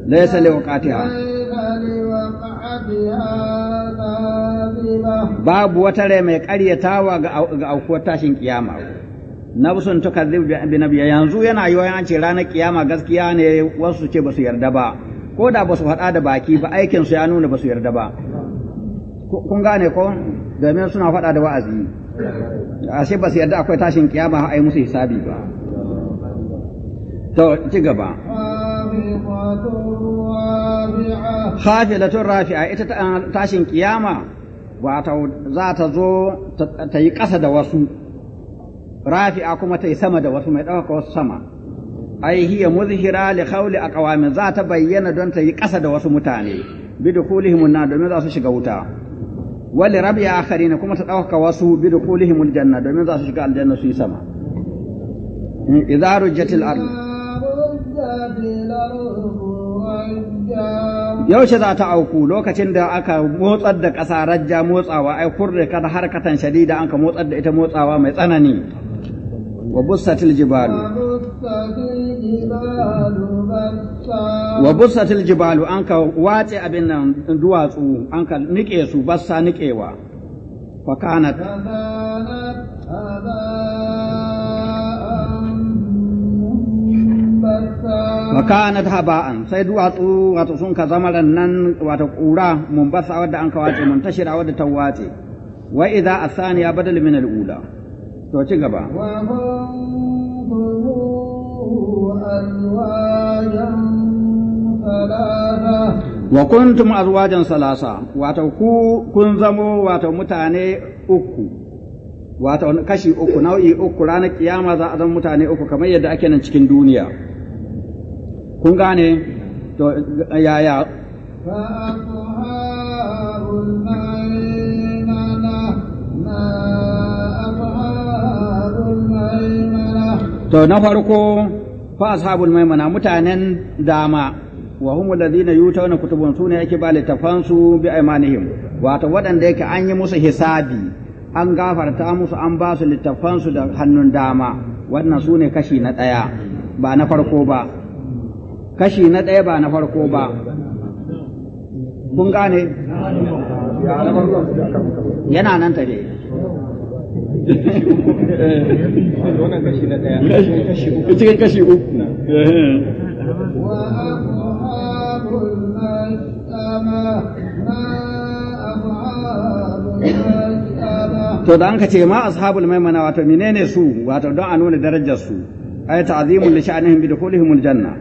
S1: laysa li waqatiha babu wata rai mai karyatawa ga aukuwar tashin kiyama nafsun tukadzib bi nabiya. yanzu yana yi an ce ranar kiyama gaskiya ne wasu ce ba su yarda ba ko da ba su faɗa da baki ba aikinsu ya nuna ba su yarda ba kun gane ko domin suna faɗa da wa'azi ashe ba su yarda akwai tashin kiyama a yi musu hisabi ba to ci gaba khafilatun rafi'a ita tashin kiyama wato za ta zo ta yi ƙasa da wasu rafi'a kuma ta yi sama da wasu mai ɗaukaka wasu sama ai hiya muzhira li qawli aqwamin za ta bayyana don ta yi ƙasa da wasu mutane bi dukulihim na domin za su shiga wuta wali rabi ne kuma ta ɗaukaka wasu bi dukulihim aljanna domin za su shiga aljanna su yi sama idza Jatil al yaushe za ta auku lokacin da aka motsar da ƙasa rajja motsawa ai kurre kada harkatan shadida an ka motsar da ita motsawa mai tsanani وبصت الجبال وبصت الجبال أنك واتي أبن دواسو أنك نكيسو بصا نكيوا فكانت وكانت هباء سيد واتو واتو سنك زملا نن واتو قورا منبثة ودى أنك واتي منتشرة ودى تواتي وإذا الثانية بدل من الأولى to ci gaba wa kuntum azwajan salasa wato ku kun zamo wato mutane uku wato kashi uku nau'i uku ranar kiyama za a zama mutane uku kamar yadda ake nan cikin duniya kun gane to yaya to na farko fa ashabul maimuna mutanen dama wa hum alladhina yutawna kutubun sune yake ba su bi aymanihim wato waɗanda yake an yi musu hisabi an gafarta musu an ba su su da hannun dama wannan sune kashi na ɗaya ba na farko ba kashi na ɗaya ba na farko ba kun gane yana nan tare cikin kashi uku to da an ka ce ma ashabul maimana wato menene su wato don a nuna darajar su ay ta'zimul li sha'anihim bi dukhulihim aljanna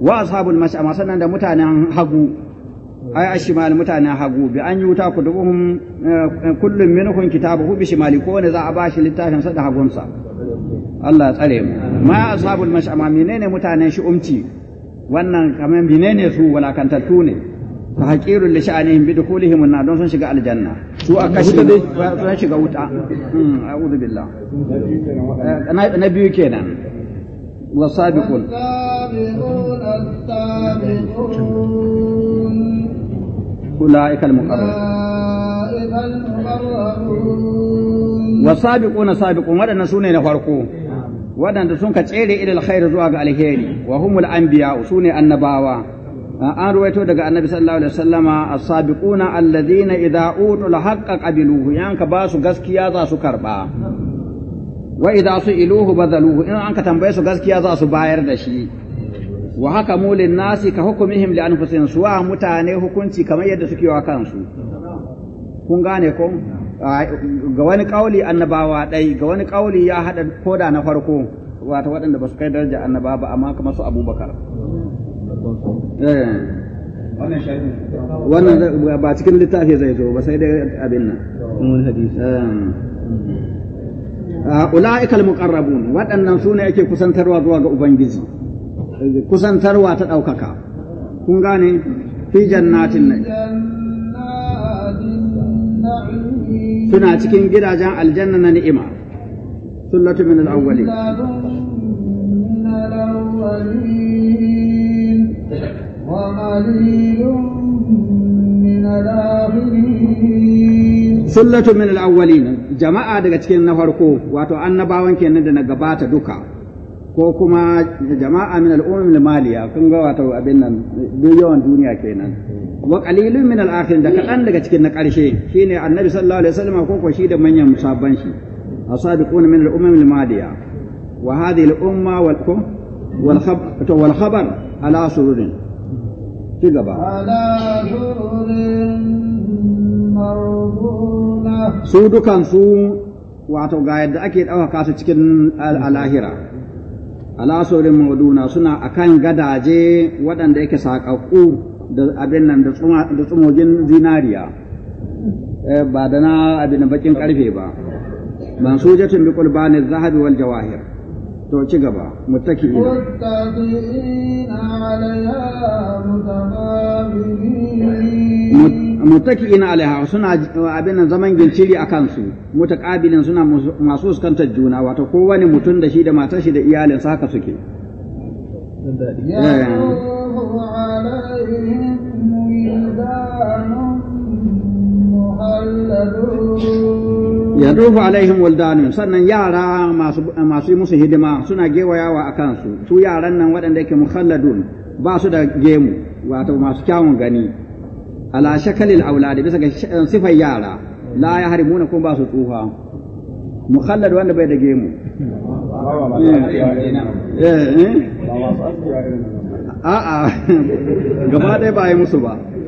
S1: wa ashabul mash'ama sannan da mutanen hagu ai ashimal mutanen hagu bi an yi yuta kudubuhum eh, kullum minhum kitabuhu bi shimali ko ne za a bashi littafin sa da hagunsa Allah tsare mu ma ashabul mash'ama menene mutanen umci? wannan kamar menene su walakantattu ne fa haqirul li sha'anihim bi dukhulihim na don sun shiga aljanna su a kashi sun shiga wuta hmm, a'udhu billah eh, na biyu kenan wasabiqun
S3: السابقون السابقون
S1: أولئك المقربون والسابقون سابقون ودنا سوني نفرقوا ودنا سونك تسيري إلى الخير زواج عليه وهم الأنبياء سوني النباوة an ruwaito daga annabi sallallahu alaihi wasallama as-sabiquna alladhina idza utul haqqa qabiluhu yanka ba su gaskiya za su karba wa idza su iluhu badaluhu in an ka tambaye su gaskiya za su bayar da shi wa haka mulin nasi ka hukumihim li anfusihim suwa mutane hukunci kamar yadda suke wa kansu kun gane ko ga wani kauli annabawa dai ga wani kauli ya hada koda na farko wato waɗanda ba su kai daraja annaba ba amma kamar su abubakar eh. wannan ba cikin littafi zai zo ba sai dai abin nan eh. ah, ula'ikal muqarrabun waɗannan sune yake kusantarwa zuwa ga ubangiji kusantarwa ta ɗaukaka kun gane fi jannatin nan, suna cikin gidajen aljanna na ni'ima sullatu min al'awwali, sullatu min al'awwali jama'a daga cikin na farko wato annabawan kenan da na gabata duka ko kuma jama'a min al'ummi maliya kun ga wato abin nan duk yawan duniya kenan wa qalilun min al-akhirin da kadan daga cikin na karshe shine annabi sallallahu alaihi wasallam ko ko shi da manyan musabban shi asabiquna min al-ummi maliya wa hadhihi al-umma wal kum wal khabar wal khabar ala sururin ci gaba
S3: ala sururin
S1: su dukan su wato ga yadda ake dauka su cikin al-ahira alasorin mauduna suna a kan gadaje waɗanda yake saƙaƙƙu da abin nan da tsumogin zinariya eh, ba da na abin bakin ƙarfe ba ban mansujatun bi ne zahabi wal jawahir to ci gaba mutaki ina alaiha suna abin zaman ginciri a kansu mutakabilin suna masu fuskantar juna wato kowane mutum da shi da matar shi da iyalin sa haka suke
S3: مخلدون yadufu alaihim
S1: waldanun sannan yara masu masu musu hidima suna gewayawa a kansu su yaran nan waɗanda yake mukhalladun ba su da gemu wato masu kyawun gani ala shakalil auladi bisa ga sifar yara la ya harimuna kuma ba su tsufa mukhallad wanda bai da gemu eh, eh. a'a gaba ɗaya ba yi musu ba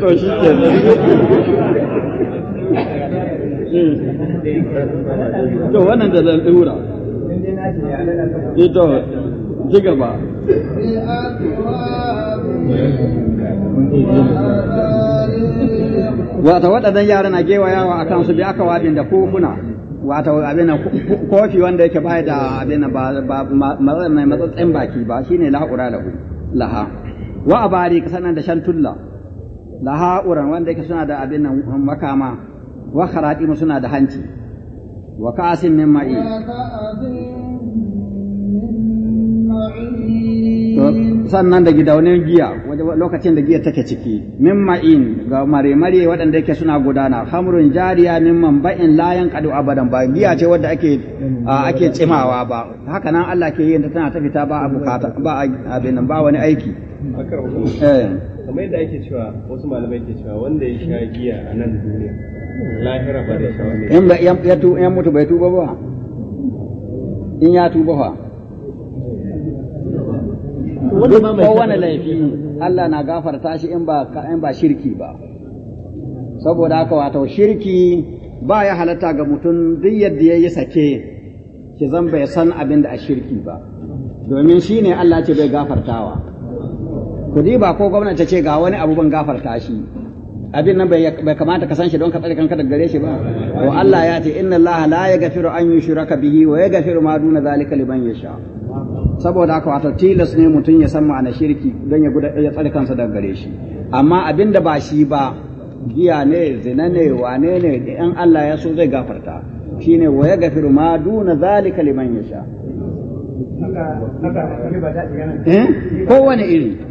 S3: to shi
S2: ke to wannan da ci gaba
S1: wata waɗannan yara na gewayawa a kansu bi aka waɗin da kofuna wata abin kofi wanda yake baya da abin ba matsatsen baki ba shine la'ura hu laha wa abari sanan da shantulla laha ha'uran wanda yake suna da abin nan um, makama wa kharatim suna da hanci wa ka'asin min ma'i sannan da gidaunin giya lokacin da giya take ciki min ma'in ga mare-mare waɗanda yake suna gudana hamrun jariya min manba'in layan kadu abadan ba giya ce wadda ake
S3: ake tsimawa
S1: ba haka nan Allah ke yin ta tana ta fita ba a bukata ba abin ba wani aiki eh kamar yadda ake cewa wasu malamai ke cewa
S3: wanda ya sha giya a nan duniya lahira ba da sha wani in ba ya tu ya
S1: mutu bai tuba ba in ya tuba fa ko wani laifi Allah na gafarta shi in ba in ba shirki ba saboda haka wato shirki ba ya halatta ga mutum duk yadda ya yi sake ki zan bai san abin da a shirki ba domin shi ne Allah ce bai gafartawa ku ba ko gwamnati ta ce ga wani abu ban gafarta shi abin nan bai kamata ka san shi don ka tsare kanka daga gare shi ba wa Allah ya ce inna Allah la yaghfiru an yushraka bihi wa yaghfiru ma duna zalika liman yasha saboda haka wato tilas ne mutum ya san ma'ana shirki don ya guda ya tsare kansa daga gare shi amma abin da ba shi ba giya ne zina ne wane ne in Allah ya so zai gafarta shine wa yaghfiru ma duna zalika liman yasha
S3: kowane eh? iri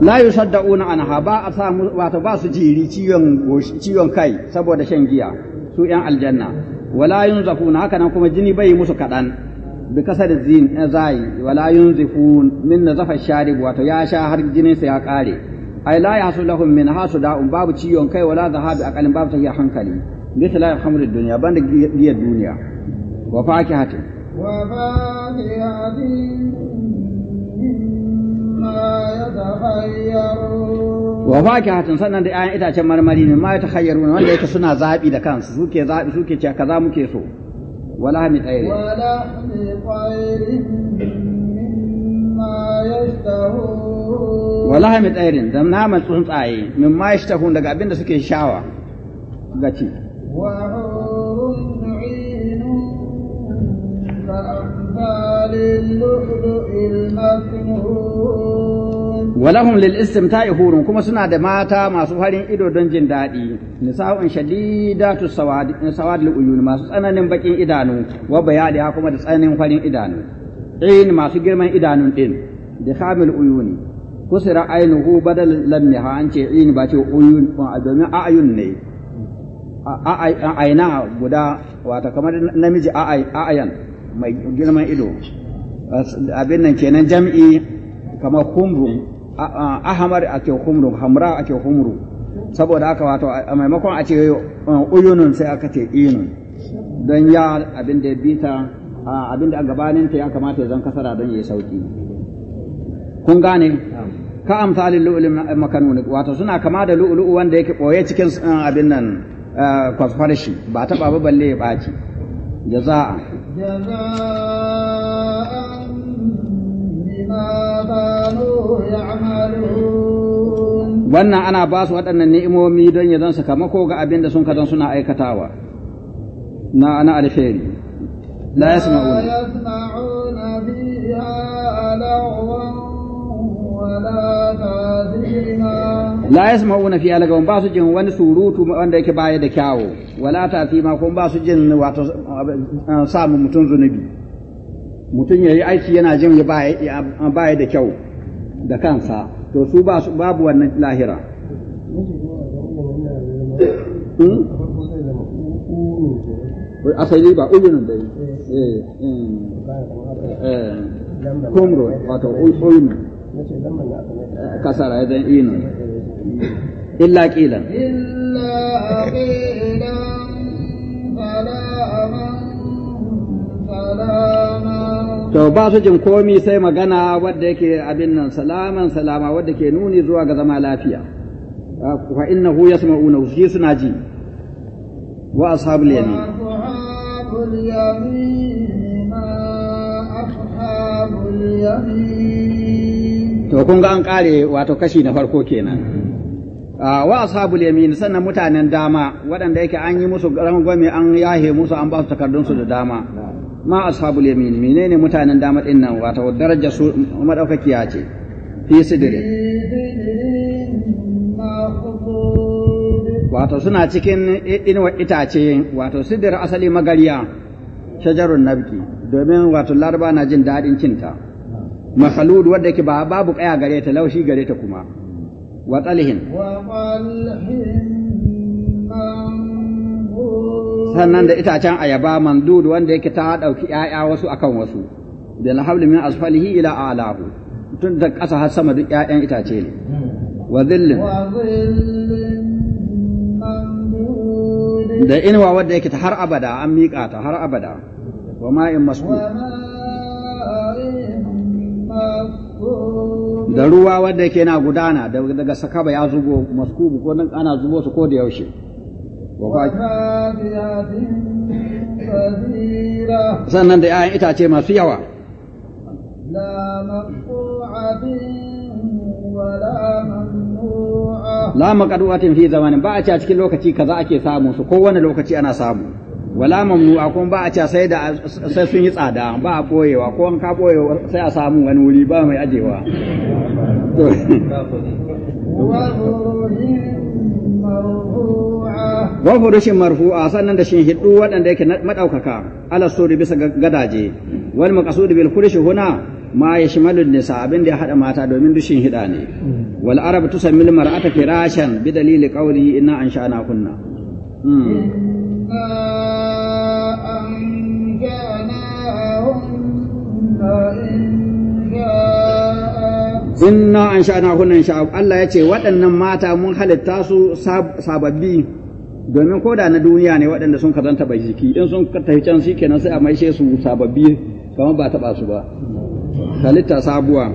S1: la yusaddauna anha ba a sa wato ba su jiri ciwon ciwon kai saboda shan giya su yan aljanna wala yunzafuna haka nan kuma jini bai musu kadan bi kasar zin eh, zai wala yunzifun min nazafa sharib wato ya sha har jinin sa ya kare ai la yahsu lahum min hasu da'un babu ciwon kai wala zahabi aqalin babu tahiya hankali bisa la yahmur dunya banda giyar duniya wa fakihatin
S3: wa fakihatin wa
S1: fakihatin sannan da ƴaƴan itacen marmari ne ma yatahayyaruna wanda yake suna zabi da kansu suke zabi suke cewa kaza muke so wala hami tsairi wala wala hami tsairin da naman tsuntsaye min ma yashtahun daga abinda suke shawa gaci wa walahum lil istimta'i hurun kuma suna da mata masu farin ido don jin daɗi nisa'un shadidatu sawad sawad lil uyun masu tsananin bakin idanu wa bayadi kuma da tsananin farin idanu in masu girman idanun din da khamil uyuni kusira ainuhu badal lammiha an ce in ba ce uyun domin ne guda wata kamar namiji a'ayan mai girman ido abin nan kenan jam'i kamar kumbun ahmar ake humru hamra ake humru saboda haka wato a maimakon a ce uh, uyunun sai aka ce inun don ya abin da ya bita abin da a gabaninta ya kamata ya zan kasara don ya yi sauki kun gane ka amsalin lu'ulun makanuni wato suna kama da lu'ulu'u wanda yake ɓoye cikin uh, abin nan uh, kwasfarshi ba taɓa ba balle ya ɓaci jaza'a
S3: jaza'an
S1: wannan ana ba su waɗannan ni'imomi don ya zan sakamako ga abin da sun ka don suna aikatawa na ana alheri la yasma'una
S3: yasma'una biha alawan wala ta'dina la
S1: yasma'una fiha lagawan ba su jin wani surutu wanda yake baya da kyawo wala ta'tima kuma ba su jin wata eh, samun mutum zunubi mutum ya yi aiki yana jin ya baya da kyau da kansa to su ba su babu wannan lahira
S3: hmm? asali
S1: ba nan dai eh,
S2: eh, eh. kumro wato uyunun kasara ya zan ino illa kilan
S3: illa qilan To
S1: ba su jin komi sai magana wadda yake abin nan salaman salama wadda ke nuni zuwa ga zama lafiya. Wa ah, Fa innahu yasma'una shi suna ji. Wa ashabul yami. To kun ga an kare wato kashi na farko kenan. Ah, wa ashabul yami sannan mutanen dama waɗanda yake an yi musu rangwame an yahe musu an ba su takardunsu da dama. ma ashabul yamin menene mutanen dama din nan wato daraja su madaukakiya ce fi sidri wato suna cikin wa itace wato sidir asali magariya shajarun nabki domin wato laraba na jin daɗin cinta mahalud wadda ke ba babu kaya gare laushi gare kuma wa
S3: sannan da itacen
S1: ayaba mandud wanda yake ta dauki 'ya'ya wasu akan wasu Da lahabli min asfalihi ila a'lahu tun da ƙasa har sama duk 'ya'yan itace ne wa dhillin
S3: da inuwa wadda yake ta
S1: har abada an miƙa ta har abada wa ma'in masku da ruwa wadda yake na gudana daga sakaba ya zubo masku ko nan ana zubo su ko da yaushe sannan da ‘ya'yan itace masu yawa. La maƙadu'atin fi zamanin ba a ce a cikin lokaci kaza ake samu su kowane lokaci ana samu. Wala mamnu'a kuma ba a ce sai da sai sun yi tsada ba a ɓoyewa ko an ka sai a samu wani wuri ba mai ajewa. wa furushin marfu'a sannan da shin hiddu waɗanda yake maɗaukaka ala sori bisa gadaje wal da bil furushi huna ma ya malin nisa abin da ya haɗa mata domin dushin hida ne wal arab tusammi al mar'ata firashan bi dalili an inna na kunna hmm. inna an sha'ana hunnan sha'ab Allah ya ce waɗannan mata mun halitta su sababbi domin koda na duniya ne waɗanda sun kazanta bai jiki in sun tafi can shi kenan sai a maishe su sababbi kamar ba taɓa su ba halitta sabuwa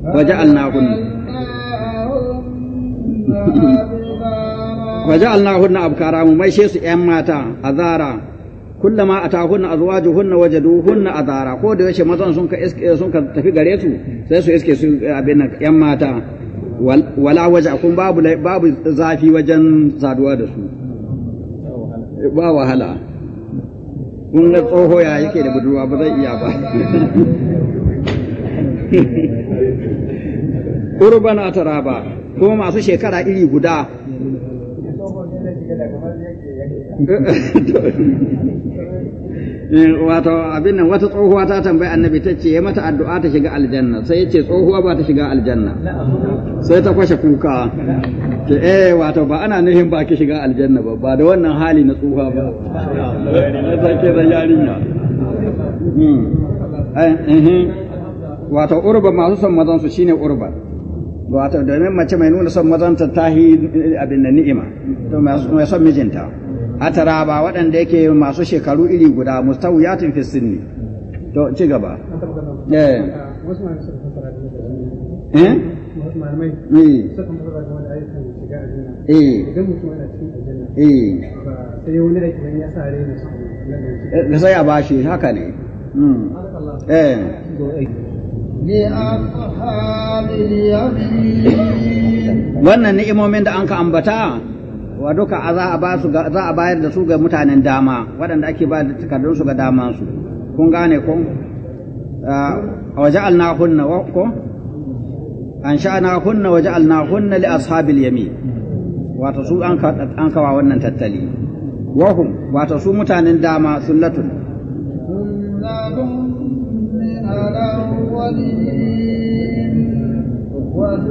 S3: Waje waja'alnahun
S1: waja'alnahun abkara mu maishe su ƴan mata azara kullama waje duhunna a adara ko da yaushe mazan sun ka tafi gare su sai su iske su abin yan mata wala a kun babu babu zafi wajen saduwa da su ba wahala kun ga tsoho ya yake da budurwa ba zai iya ba urban ba kuma masu shekara iri guda wato abin nan wata tsohuwa ta tambayi annabi ta ce ya mata addu'a ta shiga aljanna sai ya ce tsohuwa ba ta shiga aljanna sai ta kwashe kuka Ke eh wato ba ana nufin ba ki shiga aljanna ba ba da wannan hali na tsohuwa ba
S2: sai ke da yarinya hmm.
S1: eh, eh, eh. wato urba masu son mazan su shine urba wato domin mace mai nuna son mazan ta tahi abin da ni'ima to mai son mijinta atara ba waɗanda yake masu shekaru iri guda ya fi sinni to ci gaba eh.
S3: eh? eh. ya sa hmm. wannan
S1: ni'imomin da an ka ambata wa duka za a ba su za a bayar da su ga mutanen dama waɗanda ake ba da takardun su ga dama su kun gane ko ah, wa ja'alna hunna ko an sha'ana hunna wa ja'alna hunna li ashabil yami wato su an an kawa wannan tattali wa hum wato su mutanen dama sullatun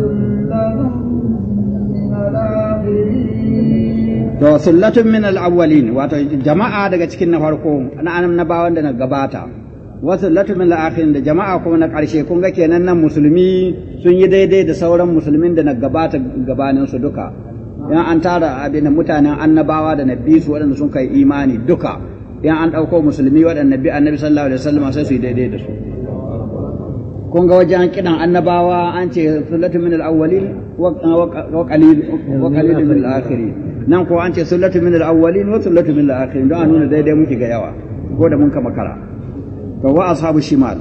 S3: min
S1: to sullatun min al’awwalin wato jama'a daga cikin na farko na na bawan da na gabata wa sullatun min al da jama'a kuma na ƙarshe kun ga kenan nan musulmi sun yi daidai da sauran musulmin da na gabata gabanin su duka yan an tara abin da mutanen annabawa da na su waɗanda sun kai imani duka yan an ɗauko musulmi waɗanda bi annabi sallallahu alaihi wasallam sai su yi daidai da su kun ga wajen kiɗan annabawa an ce sullatun min al-awwalin وقليل وقليل من الآخرين nan ko an ce sullatu min al-awwalin wa sullatu min al-akhirin don a nuna daidai muke ga yawa ko da mun ka wa shimal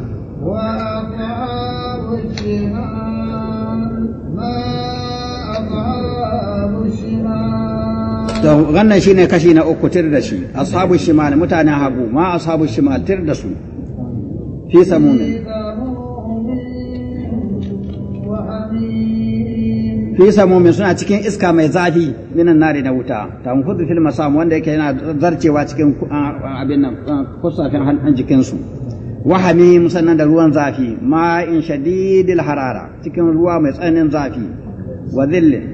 S1: to wannan shine kashi na uku tir da shi ashabu shimal mutanen hagu ma ashabu shimal tir da su fi samuni fi samumin suna cikin iska mai zafi minan nari na wuta ta hudu fil masam wanda yake yana zarcewa cikin abin nan kusafin jikinsu wa hamim sannan da ruwan zafi ma in shadidil harara cikin ruwa mai tsananin zafi wa zillin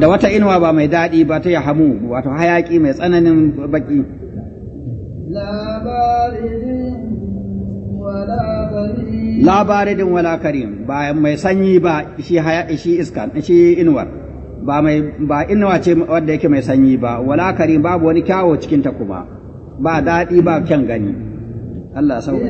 S1: da wata inuwa ba mai daɗi ba ta yahamu wato hayaƙi mai tsananin baƙi
S3: labarin
S1: Labaridin wala karim ba mai sanyi ba shi haya shi iskan shi inwar ba mai ba inwa ce wanda yake mai sanyi ba wala karim babu wani kyawo cikin ta kuma ba daɗi ba kyan gani Allah sauka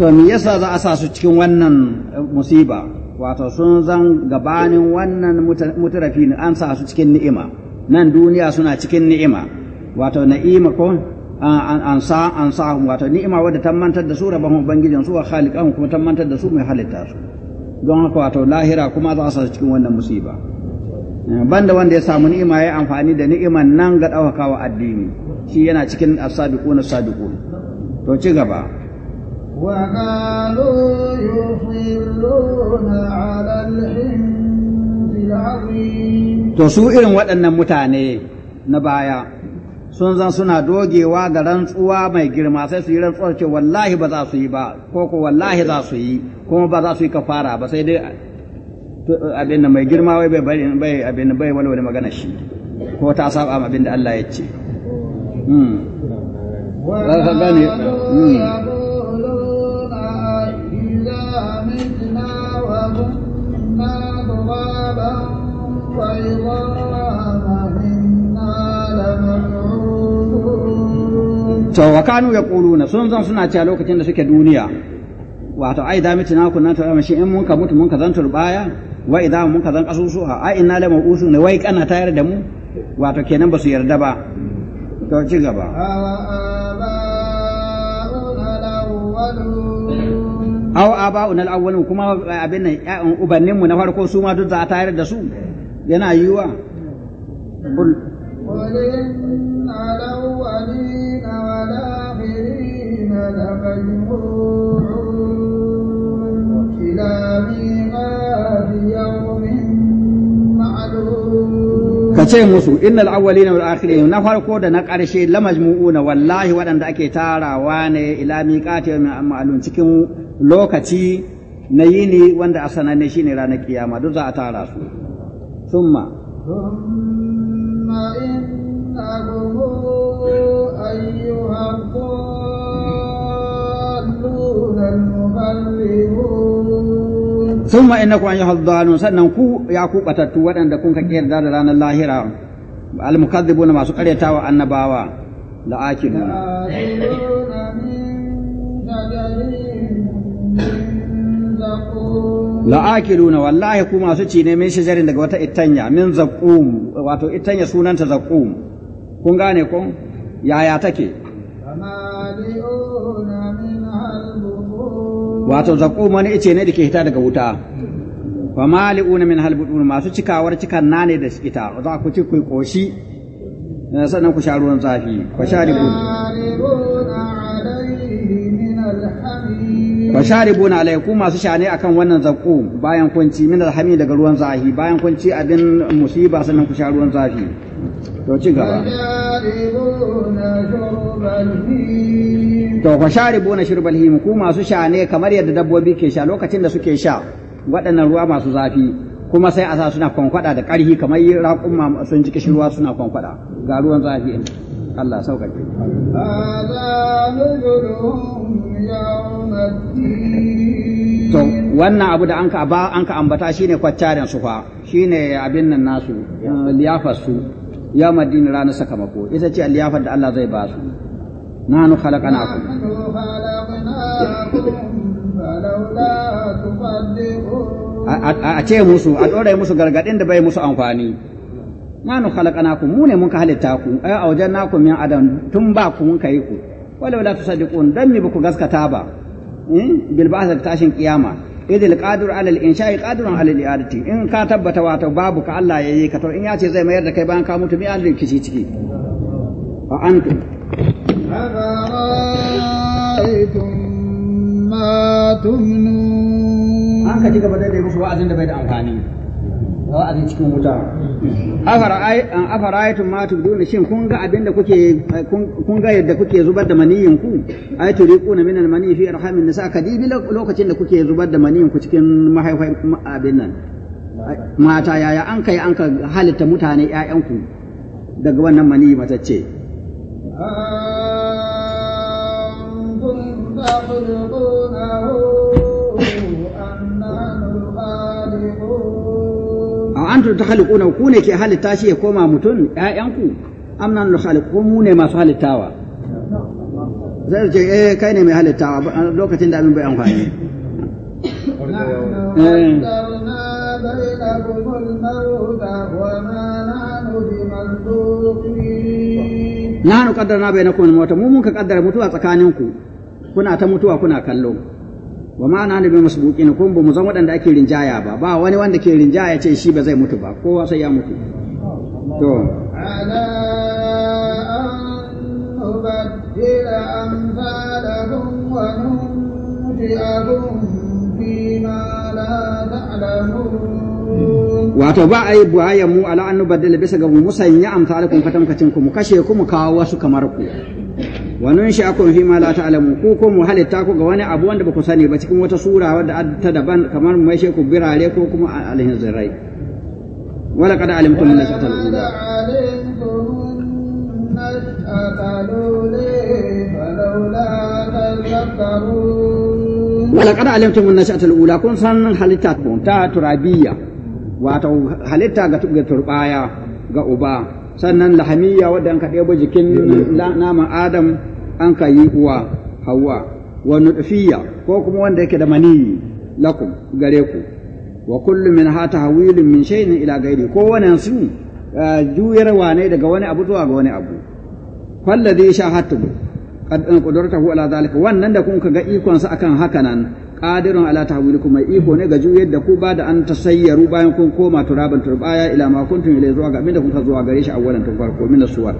S1: to me yasa za a sa su cikin wannan eh, musiba wato sun zan gabanin wannan mutarafi an sa su cikin ni'ima nan duniya suna cikin ni'ima wato na'ima ko an sa an sa wato ni'ima wadda ta mantar da su rabon ubangijin su wa khaliqan kuma ta mantar da su mai halitta su don haka wato lahira kuma za su cikin wannan musiba eh, banda wanda ya samu ni'ima ya amfani da ni'iman nan ga ɗaukakawa addini shi yana cikin as-sabiqun as to ci gaba
S3: وقالوا يصلون على الحمى
S1: to su irin waɗannan mutane na baya sun zan suna dogewa ga rantsuwa mai girma sai su yi rantsuwar ce wallahi ba za su yi ba ko ko wallahi za su yi kuma ba za su yi kafara ba sai dai abin da mai girma wai bai bari bai abin bai wani wani magana shi ko ta saba abin da Allah ya ce. Hmm. to wa kanu na sun zan suna cewa lokacin da suke duniya wato ai da mitina kun nan to shi in mun ka mutu mun ka zan turbaya wa idza mun ka zan a ai inna lamu usu ne wai kana tayar da mu wato kenan ba su yarda ba to ci gaba aw aba'una al-awwalun kuma abin nan mu na farko su ma duk za a tayar da su yana yi wa? ka ce musu innal awwalina wal akhirin na farko da na ƙarshe lamajmu'una wallahi waɗanda ake tarawa ne ila miqati yawmin ma'lum cikin lokaci na yini wanda a sananne shine ranar ƙiyama, duk za a tara su ثم
S2: ثم
S3: إنه أيها الضالون المكذبون ثم
S1: إنكم أيها الضالون سننكو يعقوب أتتوا أن تكون كير دار لنا الله المكذبون ما سكرتوا النباوة لآكلون
S3: لآكلون من شجر من زقوم
S1: la'akiluna wallahi ku masu ci ne min shajarin daga wata itanya min zaqum wato itanya sunanta zaqum kun gane ko yaya take wato zaqum wani ice ne dake hita daga wuta fa mali'una min halbudun masu cikawar cikan na ne da ita za ku ci ku koshi sannan ku sha ruwan zafi ku sha ribun fa sharibuna alai ku masu shane akan wannan zaku bayan kunci min alhami daga ruwan zafi bayan kunci abin musiba sannan ku sha ruwan zafi to ci gaba to fa sharibuna shurbal him ku masu shane kamar yadda dabbobi ke sha lokacin da suke sha waɗannan ruwa masu zafi kuma sai a sa suna kwankwada da ƙarhi kamar raƙumma sun ji kishirwa suna kwankwada ga ruwan zafi Allah sauƙaƙe to wannan abu da an ka ambata ambata shine kwaccaren su fa shine abin nan nasu liyafar su ya madina ranar sakamako ita ce liyafar da Allah zai ba su nanu ku. a ce musu a ɗora musu gargaɗin da bai musu amfani ma nu khalaqnakum mu ne mun ka halitta ku ai awjannakum min adam tun ba ku mun kai ku walau la tusaddiqun dan mi ku gaskata ba hmm? bil ba'sa tashin kiyama idil qadir ala al-insha'i qadirun ala al-i'adati in ka tabbata wato babu ka Allah yayi ka to in ya ce zai mayar da kai bayan ka mutu mi an kici ciki fa antum
S3: ma tumnu
S1: an ka ci gaba da musu wa'azin da bai da amfani wa'azi cikin wuta afara'aytum ma tubduna shin kun ga abinda kuke kun ga yadda kuke zubar da maniyin ku ay turiquna min al-mani fi arhamin nisa kadibi lokacin da kuke zubar da maniyin ku cikin mahaifai abin nan mata yaya an kai an ka halitta mutane ƴaƴan ku daga wannan mani matacce
S3: أنتم تخلقونه
S1: antum takhluquna ku ne ke halitta shi ya koma mutum ƴaƴanku am nan khaliqu mu ne masu halittawa zai ce eh kai ne mai halittawa lokacin da abin bai amfani na bai na kuma mauta mu mun ka kaddara mutuwa tsakaninku kuna ta mutuwa kuna kallo wa ma na bi masbuqin kun ba mu zan waɗanda ake rinjaya ba ba wani wanda ke rinjaya ce shi ba zai mutu ba kowa sai ya mutu
S3: to ala ubaddila wa la ta'lamun wato
S1: ba ai buhaya mu ala an nubaddila bisa ga mu musanya amsalakum katankacin ku mu kashe ku mu kawo wasu kamar ku wa nunshi'akum fi ma la ta'lamu ku ko mu halitta ku ga wani abu wanda ba ku sani ba cikin wata sura wadda ta daban kamar mu maishe ku birare ko kuma alhin zirrai wala qad alimtum min nashatal ula
S3: wala qad alimtum
S1: min nashatal ula kun san halitta ta turabiyya wato halitta ga turbaya ga uba sannan lahamiyya wadda an ka jikin mm-hmm. naman adam an ka yi uwa hawa wa nutfiya ko kuma wanda yake da mani lakum gare ku wa kullu min hata hawilin min shay'in ila ghairi ko wannan su eh, juyarwa ne daga wani abu zuwa ga wani abu fallazi shahadtu qadratahu eh, ala zalika wannan da kun ka ga ikon sa akan haka nan qadirun ala tahwilikum mai iko ne ga juyar da ku ba da an tasayyaru bayan kun koma turaban turbaya ila ma kuntum ilai zuwa ga abin da kuka zuwa gare shi awwalan tun farko min suwar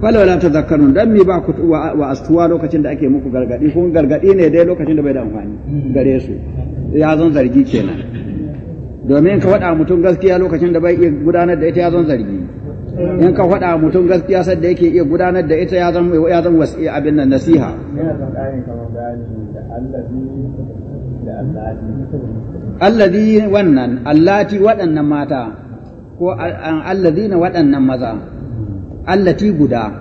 S1: fala wala tadhakkarun dan mi ba ku wa astuwa lokacin da ake muku gargadi kun gargadi ne dai lokacin da bai da amfani gare su ya zan zargi kenan domin ka faɗa mutum gaskiya lokacin da bai iya gudanar da ita ya zan zargi in ka faɗa mutum gaskiya sai da yake iya gudanar da ita ya zan ya zama wasi abin nan nasiha allazi wannan allati waɗannan mata ko na waɗannan maza allati guda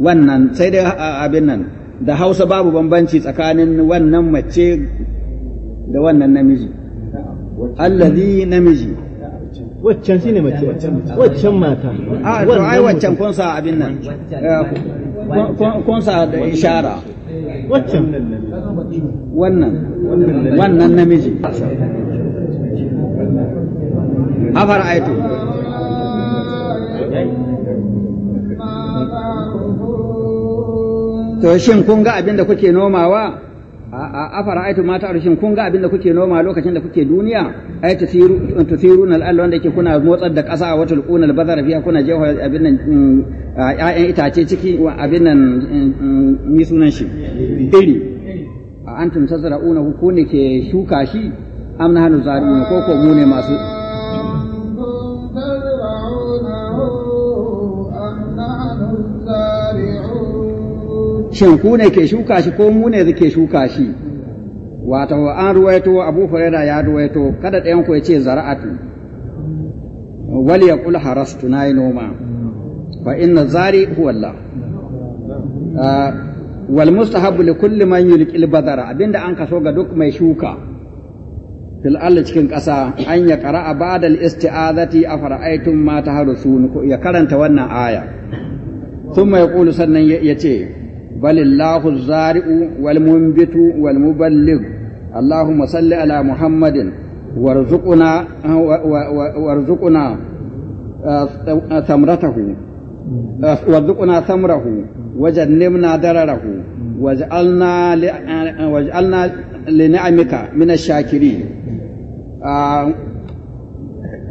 S1: wannan sai dai abin nan da Hausa babu bambanci tsakanin wannan mace da wannan namiji
S3: allazi
S1: namiji waccan ne mace waccan mata a to ai waccan kun sa abin nan eh, kun sa da ishara waccan wannan wannan namiji afar aitu to shin kun ga abin da kuke nomawa a afara fara'aitu mata arshin kun ga abin da kuke noma lokacin da kuke duniya ai tasiru tasiruna al wanda yake kuna motsar da ƙasa a tulquna al-bazara fiha kuna jeho abin nan mm, ƴaƴan itace ciki wa abin nan ni mm, mm, sunan shi iri a antum tazra'una ku ne ke shuka shi amna hanu zari'una ko ko mu ne masu shin ku ne ke shuka shi ko mu ne ke shuka shi wato an ruwaito abu huraira ya ruwaito kada ɗayan ku ya ce zara'atu wal yaqul harastu nayi noma fa inna zari huwalla Allah ah, wal mustahabu li kulli man yulqil badara abinda an kaso ga duk mai shuka fil Allah cikin ƙasa an ya qara'a ba'da zati isti'azati afara'aytum ma taharusun ya karanta wannan aya mai yaqulu sannan ya ce بل الله الزارع والمنبت والمبلغ اللهم صل على محمد وارزقنا وارزقنا ثمرته وارزقنا ثمره وجنبنا ضرره واجعلنا واجعلنا لنعمك من الشاكرين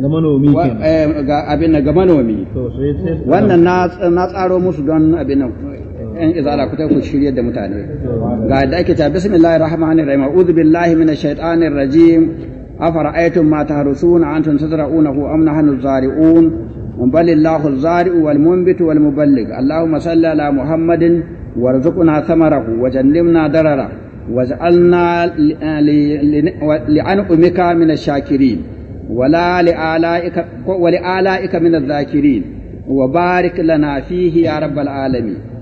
S1: ga manomi ga abin ga manomi wannan na tsaro musu don abin in izala ku ku shiryar da mutane ga da ake ta bismillahi rahmanir rahim a'udhu billahi minash shaitanir rajim afara'aytum ma tahrusuna antum tazra'unahu am nahnu zari'un بل الله الزارع والمنبت والمبلغ اللهم صل على محمد وارزقنا ثمره وجنبنا درره واجعلنا لأنعمك من الشاكرين ولآلائك من الذاكرين وبارك لنا فيه يا رب العالمين